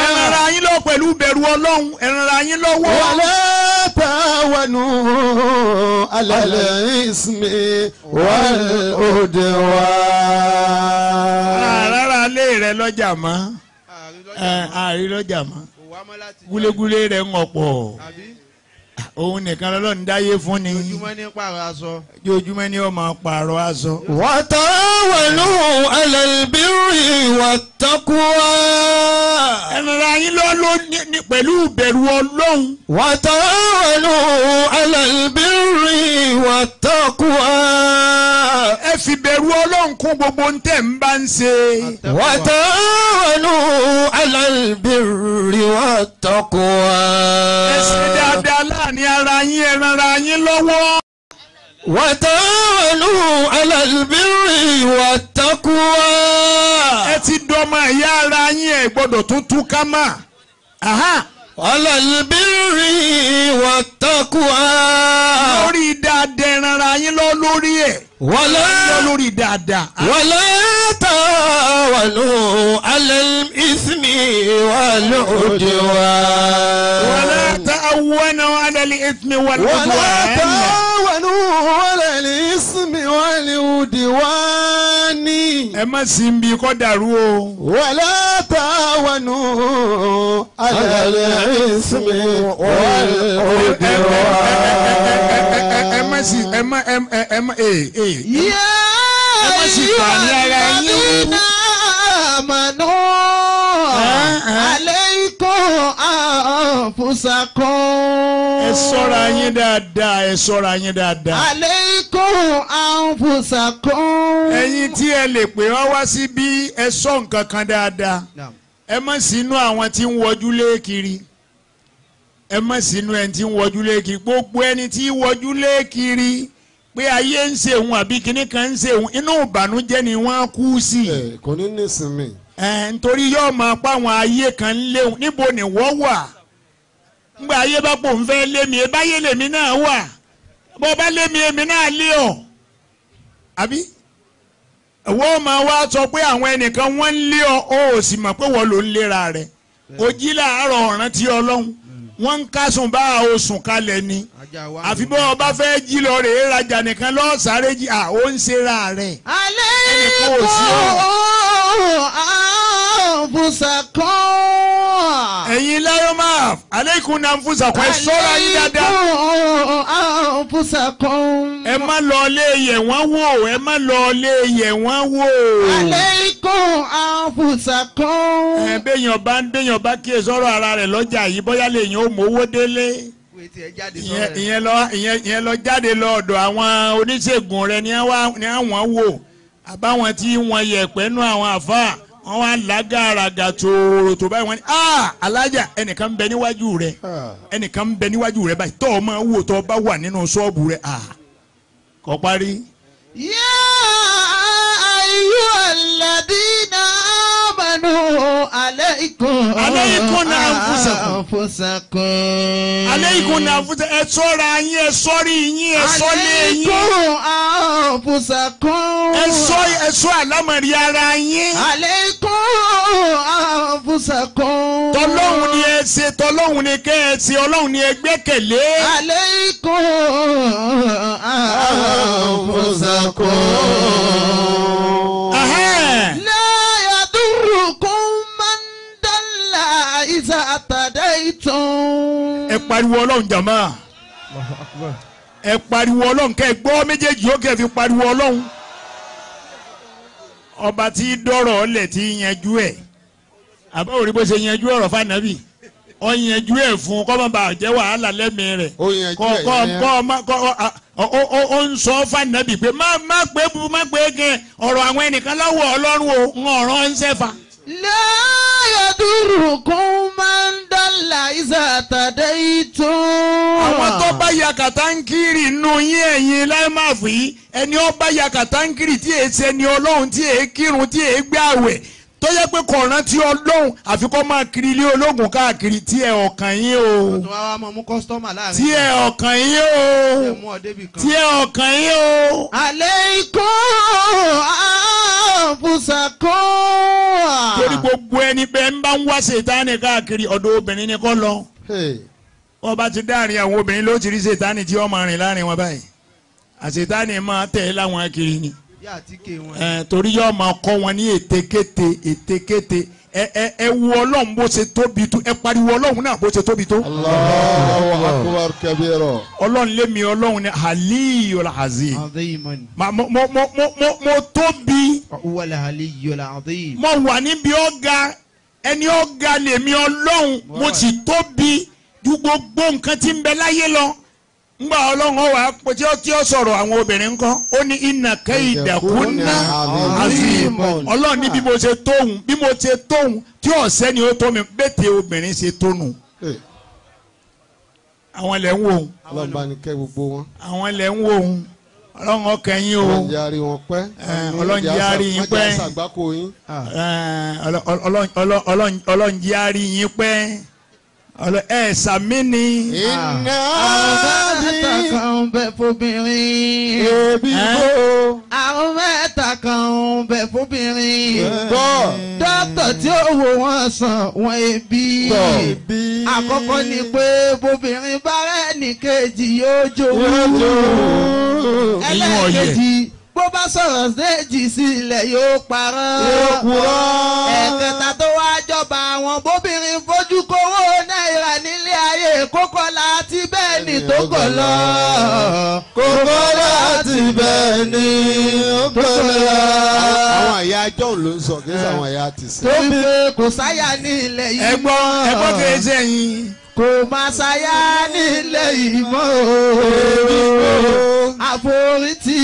ẹ rara lọ pẹ̀lú bẹ̀rù ọlọ́run ẹ rara lọ lọ́wọ́. wàlẹ́ tàwọnù alẹ́ ìsinmi wàlẹ́ òde wa. rárá lé rẹ lọ́jà mọ́ àrí lọ́jà mọ́ gúlégúlé rẹ̀ ń ọ̀pọ̀. àbí òun nìkan lọ́lọ́run dáyé fún ni. ojoojúmọ́ ní pààrọ̀ aṣọ. ojoojúmọ́ ní ó máa pààrọ̀ aṣọ. wataawanu alal birri wattaqwa. ẹnìyàrá yín lọ ló ní pẹ̀lú ìbẹ̀rù ọlọ́run. wataawanu alal birri wattaqwa. ẹ fi bẹ̀rù ọlọ́run kún gbogbo ń tẹ̀ ń bá ń ṣe. wataawanu alal birri wattaqwa. ẹ ṣe dáadáa láàrin ẹ̀yin ara yín ẹ ran ara yín lọ́wọ́. wàtáwọnù alàlùbírì wàtákùwà. ẹ ti dọmọ ẹ̀yà ara yín ẹ gbọ́dọ̀ tún túká mà. alàlùbírì wàtákùwà. lórí dáadáa ẹ ran ara yín lọ lórí ẹ̀. wọlé lórí dáadáa. wọlé tàwọnù alàlùbírì wàtákùwà. wọlé. تعاونوا على الإثم والعدوان ولا تعاونوا على الإثم والعدوان ẹ má sì ń bi kọ́ dàrú o. ولا تعاونوا على الإثم والعدوان. ẹ má sì ẹ má ẹ má ẹ má ẹ má sì pàdé ara yín. yẹ́n ìyá ìyá àmàlà. àǹfùsàkùn. ẹ ṣọ́ra yín dáadáa ẹ ṣọ́ra yín dáadáa. àlékún àǹfùsàkùn. ẹ̀yin tí ẹ lè pè wá wá sí bí ẹ ṣọ́ nǹkan kan dáadáa ẹ má sínú àwọn tí ń wọjú léèkiri ẹ má sínú ẹni tí ń wọjú léèkiri gbogbo ẹni tí ń wọjú léèkiri pé ayé ń ṣe òun àbí kinní kan ń ṣe òun inú ìbànújẹ́ ni wọ́n kú sí. ẹ kò ní nísinmi. ẹ nítorí yóò máa pa àwọn ayé kan léwu níbo ni wọ́n wà ngbe ayé bá pò ń fẹ́ lémi ẹ báyé lèmi náà wà bó bá lémi èmi náà lé ọ àbí wọ́n máa wá sọ pé àwọn ẹnìkan wọ́n ń lé ọ ó sì mọ̀ pé wọ́n ló ń léra rẹ̀ ojí làárọ̀ ọ̀ràn tí ọlọ́run wọ́n ń kásùn bá oṣùn kalẹ̀ ni àfi bọ́ ọba fẹ́ jí lọ rèé rajà nìkan lọ́ọ́ sáré jí à ó ń ṣera rẹ̀. alẹ́ kò àbùsàkọ́. ẹ̀yin láyọ̀ máa aleikum na nfusakọ ẹ sọ́ra yín dáadáa. aleikum nfusakọ. ẹ má lọ lé yẹ̀ wọ́n wò ẹ má lọ lé yẹ̀ wọ́n wò. aleikum nfusakọ. ẹ bẹ́yàn bá ń bẹ́yàn bá kíyè sọ́rọ̀ ara rẹ̀ lọ́jà yìí bóyá lè yàn ó ó mowó délé ìyẹn lọ ìyẹn lọ jáde lọ ọ̀dọ̀ àwọn oníṣègùn rẹ ni àwọn wò àbáwọn tí wọn yẹ pẹ̀lú àwọn àfáà wọn wá lágàràgà tòòrò tó báyìí wọn ni ah, alájà ẹnìkan bẹ níwájú rẹ ah. ẹnìkan bẹ níwájú rẹ báyìí tọ́ ọ wò tọ́ bá wà nínú ṣọ́ọ̀bù rẹ ah, kọ́ parí. yá ayú aládínà banu aleikum. aleikum na ah, anfusakum. aleikum na anfusakum. ẹ ṣọ́ra yín ẹ ṣọ́rí yín ẹ ṣọ́lé yín. aleikum anfusakum. ẹ ṣọ́ ẹ ṣọ́ àlámọ̀rí ara yín. aleikum anfusakum. tọ́lọ́hun ni ẹ ṣe tọ́lọ́hun ni kẹ́ ẹ ṣe ọlọ́hun ni ẹ gbẹ́kẹ̀lé. aleikum anfusakum. ìzà àtàdá ìtàn. ẹ pariwo ọlọrun jàmá ẹ pariwo ọlọrun kẹ́ ẹ gbọ́ méjèèjì ó kẹ́ ẹ fi pariwo ọlọ́run ọba tí dọrọ ọlẹ tí yanjú ẹ̀ àbá òrí bó ṣe yanjú ọ̀rọ̀ fànàbì ọ yanjú ẹ̀ fún kọ́ mọ̀ bá jẹ́ rẹ kọ rẹ̀ kọ ọ ọ ó ń sọ fànàbì pé má má pé má pé gan ọ̀rọ̀ àwọn ẹnìkan láwọ̀ ọlọ́run ò ń ọ̀rọ̀ ń sẹ́fà. láyà dúró kún máa ń dọ́là ìsàtàdé àwọn tó bá ya kàtàǹkìrì nù yín ẹ̀yìn láì máa fi ẹni ó bá ya kàtàǹkìrì tí èé ṣe ni ọlọ́run tí èé kírun tí èé gbé àwẹ̀ tó yẹ pé kò rántí ọlọ́run àfi máa kiri ilé ológun káàkiri tí ẹ ọkàn yín o tí ẹ ọkàn yín o tí ẹ ọkàn yín o. àlẹ́ ikú àfùsàkó torí ah. gbogbo ẹni bẹ́ẹ̀ ń bá ń wá ṣètánì káàkiri ọ̀dọ̀ obìnrin ni kò lọ wọ́n bá ti dáàrin àwọn obìnrin ló ti rí ṣètánì tí wọ́n máa rìn láàrin wọn báyìí àṣetánì máa tẹ̀ láwọn akiri ni torí yóò máa kọ́ wọn ní ètekéte ètekéte ẹ ẹ ẹ wo ọlọ́run bó ṣe tóbi tó ẹ pariwo ọlọ́run náà bó ṣe tóbi tó. Allahu akbar kabira. ọlọ́run lémi ọlọ́run ni aliyul azim. mo mo mo mo mo tóbi. wàlẹ̀ aliyul azim. mo wà níbi ọ̀gá ẹni ọ̀gá lèmi ọlọ́run mo sì tóbi ju gbogbo nǹkan tí ń bẹ láyé lọ ngba ọlọ́run wa pé tí ó tí ó sọ̀rọ̀ àwọn obìnrin kan ó ní iná kẹ́hìndà kúnná àfihàn ọlọ́run ní bí mo ṣe tóhun bí mo ṣe tóhun tí ọ̀sẹ́ ni ó tó mi bẹ́tẹ̀ obìnrin ṣe tónu. àwọn ilẹ̀ ń wò ó. ọlọ́run bá ní kẹ́ gbogbo wọn. àwọn ilẹ̀ ń wò ó ọlọ́run ọkàn yín o ọlọ́run yarí wọn pẹ́ ọlọ́run yarí yín pẹ́ ọlọ́run yarí yín pẹ́ ọlọ ẹ sàmì ni. iná àwọn mẹ́ta kan ń bẹ fóbìnrin. ebi bò. àwọn mẹ́ta kan ń bẹ fóbìnrin. bọ́. dókítà tí ó wò wọ́n sàn wọ́n ebi. tọ́ àkọ́kọ́ ni pé bóbìnrin bá rẹ̀ ní kejì yóò jòwó. ẹlẹ́ẹ̀kejì tó bá sọ̀rọ̀ stéèjì sílẹ̀ yóò parọ́. yóò kúrọ́. ẹ̀kẹta tó wá jọba àwọn bóbìnrin fojú kówó náírà nílé ayé kókó láti bẹ́ẹ̀ ni tó kọ̀ lọ. kókó láti bẹ́ẹ̀ ni ó kọ̀ lọ. àwọn àyà ajọ́ ló ń sọ kí n àwọn àyà ti sè. tóbi kò sáyà ní ilẹ̀ yìí. ẹ̀gbọ́n ẹ̀gbọ́n kìí ṣe yín. kò máa ṣáyà nílẹ̀ yìí mọ́ o àforítì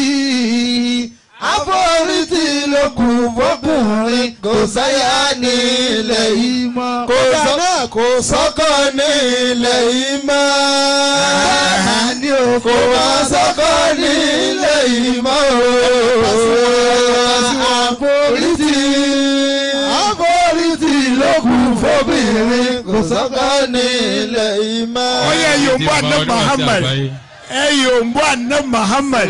àforítì ló kù fọkùnrin kò sáyà ní ilẹ̀ yìí mọ́ kódà náà kò sọ́kọ ní ilẹ̀ yìí mọ́ ní o kò wá sọ́kọ ní ilẹ̀ yìí mọ́ o àforítì ló kù fọkùnrin kò sọ́kọ ní yìí mọ́. ọyẹ yorùbá ní Muhammad. eyi yòǹbó àná Muhammad.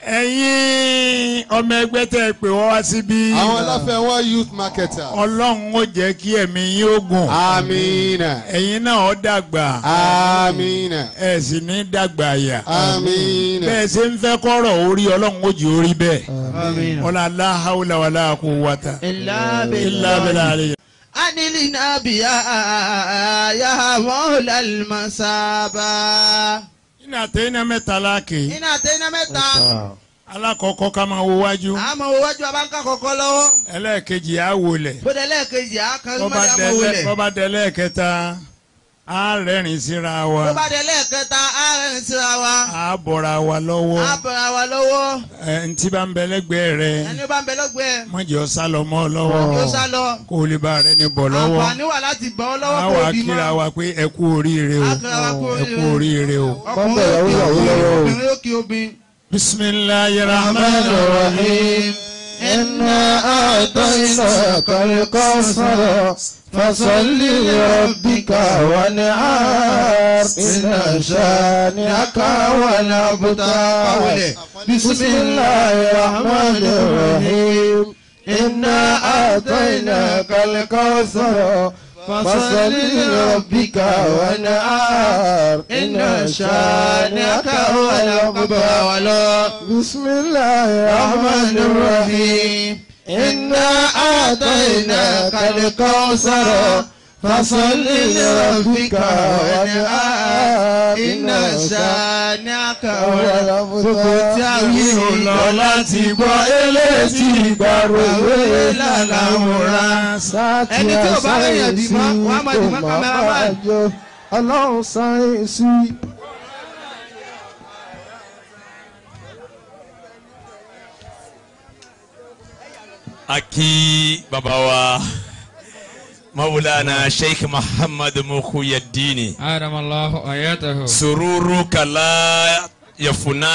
ẹyin ọmọ ẹgbẹ́ tẹ́ ẹ pè bi wá síbí. àwọn aláfẹ̀wọ́ youth marketers. ọlọ́run ó jẹ́ kí ẹ̀mí yín ó gùn. amiina. ẹ̀yin náà ó dàgbà. amiina. ẹ sì ní dàgbà àyà. amiina. ṣe ń orí ó orí amiina. عن الأنبياء يا مولى المصابة iná àtẹ̀yìnà mẹ́ta láàkè. iná àtẹ̀yìnà mẹ́ta. alákọ̀ọ́kọ́ ká máa wo wájú. a máa wo wájú a bá ń ká kọ̀ọ̀kọ́ lọ́wọ́. kan ló máa dá mọ́ wọlẹ̀. bó bá dé a rẹ́rìn síra wa. tó bá dé lẹ́ẹ̀kẹta a rẹ́rìn síra wa. a bọ̀ra wa lọ́wọ́. a bọ̀ra wa lọ́wọ́. ẹ n tí bá ń bẹ lẹ́gbẹ̀ẹ́ rẹ. ẹni bá ń bẹ lẹ́gbẹ̀ẹ́. má jẹ́ ó sá lọ mọ́ ọ lọ́wọ́. kó o lè bá rẹ ní bọ̀ lọ́wọ́. àǹfààní wà láti bọ̀ ọ́ lọ́wọ́ kó o bí mọ́. a wà kíra wa pé ẹ kú oríire o. ẹ kú oríire o. ọkùnrin òkè obìnrin òkè obìnrin. bismillahirrahmanirrahim. إنا أعطيناك القصر فصل لربك وانعار إن شانئك والأبتار بسم الله الرحمن الرحيم إنا أعطيناك القصر فصل لربك وانهار إن شانئك هو الأبتر بسم الله الرحمن الرحيم إنا أعطيناك الكوثر فصل لربك وانعم إن شانئك والأبتر lọ láti gbọ́ eléyìí ìgbàrò ìwé làlàwòrán. ẹni tí ò bá rẹ̀yàn dì mọ́ مولانا شيخ محمد مخوي الدين أرم الله آياته سرورك لا يفنى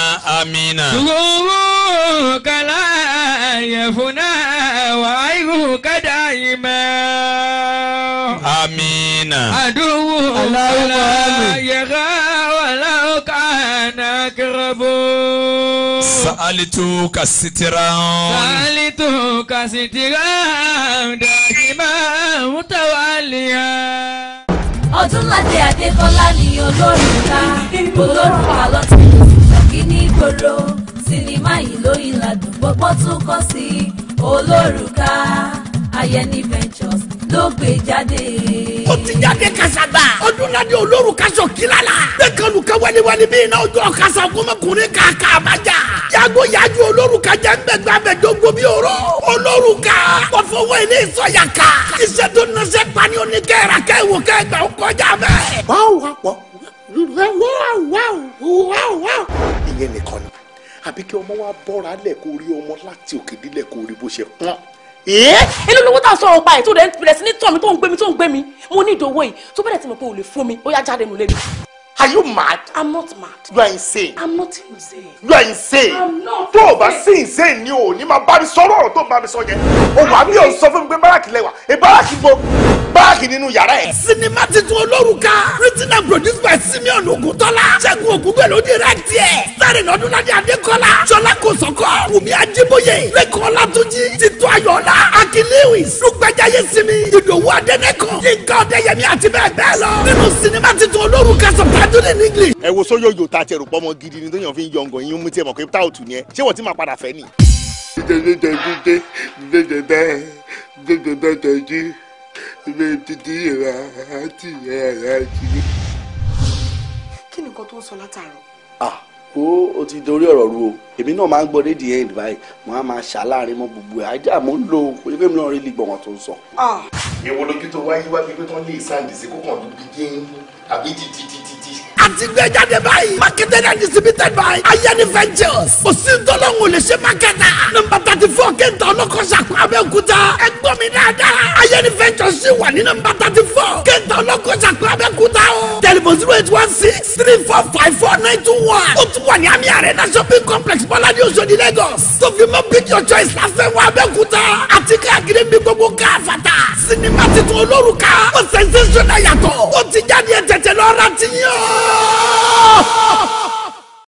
آمين سرورك لا يفنى وعيبك دائما آمين عدوك لا يغى ولو كان أقربون سألتك سترا سألتك سترا ìbá mutawaliya. Ọdúnládé Adékọ́lá ni olórin ká olórúkọ àlọ́tí ìṣọ̀kí ní ìgboro sinimá yìí lóyìn ládùn gbogbo sí olórúkà. Ayeni Ventures ló gbé jáde. ó ti jáde kasaba. ọdúnladé olórí kaso kila la. bẹ́ẹ̀ kanu ka waliwali bíi náà jọ kasa kọmọkùnrin k'a k'a ma ja. yaago yaaju olórí ka jẹ́ nbẹ̀gbẹ́ abẹ́ jogbo bí oró. olórí ka kọfọ wo ilé sọ̀yà ká. iṣẹ́ tó na se pani oní kẹ́ra kẹ́ wò kẹ́ gbà ó kọjá bẹ́ẹ̀. wáwo wáwo wáwo wáwo wáwo. ìyẹn nìkan ni àbí ọmọ wa bọ́ra lẹ̀ kó ọmọ láti òkè Eh? èló lówó tá a sọ̀rọ̀ pa ẹ̀ tó rẹ̀ sí ní tọ̀ mi tó ń gbé mi tó ń gbé mi mo ní ìdòwò yìí tó bẹ̀rẹ̀ tí mo pé ò lè fún mi ó yá jáde nù lé mi. Are you mad? I'm not mad. You are insane. I'm not insane. You are insane. I'm not. Tó o bá sí insane ni o, ní máa bá mi sọ̀rọ̀ ọ̀rọ̀ tó o bá mi sọ yẹn. O wà mí ò sọ fún mi pé báràkì lẹ́wà. Ẹ e báràkì gbọ́ báràkì nínú yàrá ẹ̀. Sinimá titun olórúkà. Written and produced by Simeon Oguntola. Ṣẹ́gun Ògúngbẹ̀ ló direct ẹ̀. Starring Ọdúnládé Adékọ́lá. Ṣọlá Kòsọ́kọ́. Wùmí Ajíbóyè. Lẹ́kàn Ọlátúnjí. Títú Ayọ̀ọ́lá. Akin Lewis. Lùgbàjáyé Simi. Ìdòwú Adẹ́nẹ́kan. Yínká Ọdẹyẹmí àti bẹ́ẹ̀ bẹ́ẹ̀ lọ. Nínú sinimá titun olórúkà sọ̀tà I do it in English. ẹ wo sóyóyò tá a ti ẹrù pọ́ ọmọ gidi ni tóyàn fi ń yọngàn yín mú tí ẹ mọ̀ pé táwọ̀tù ni ẹ ṣé wọ́n ti máa padà fẹ́ ni. kí ni nǹkan tó ń sọ látàárọ̀. ah ó o ti dorí ọ̀rọ̀ ru o èmi náà máa ń gbọ́ dédìí ẹ̀ báyìí mo á máa ṣà láàrin mọ́ gbogbo ẹ̀ ajá mo ń lo kò yẹ kí èmi náà rí ligbọ̀n wọn tó ń sọ. èwo lójú tó wáyé wá bí pé tán lè sáǹdì sí kókàn dúdú dín àbí dídídídí àti gbé jáde báyìí. marketed and distributed by ayani ventures. kò sí ntọ́lọ́hún lè ṣe mákẹ́tà. nọmba thirty four kéńtà ọlọ́kọ̀ṣà kún abẹ́òkúta. ẹ gbọ́ mi dáadáa. ayani ventures ṣì wà ní nọmba thirty four kéńtà ọlọ́kọ̀ṣà kún abẹ́òkúta o. Telephone zero eight one six three four five four nine two one. ó tún wà ní àmì arena shopping complex bọ́ládé Òṣòdì Lagos. tó fi mọ́ pick your choice láfẹ́ wọ abẹ́òkúta. àti káàkiri bí gbogbo káfàtà. sinimá titun olórùka. ó sensation náà yàtọ̀. ó ti jáde ẹ̀ tẹ̀tẹ̀ lọ́ra ti yàn. Ah!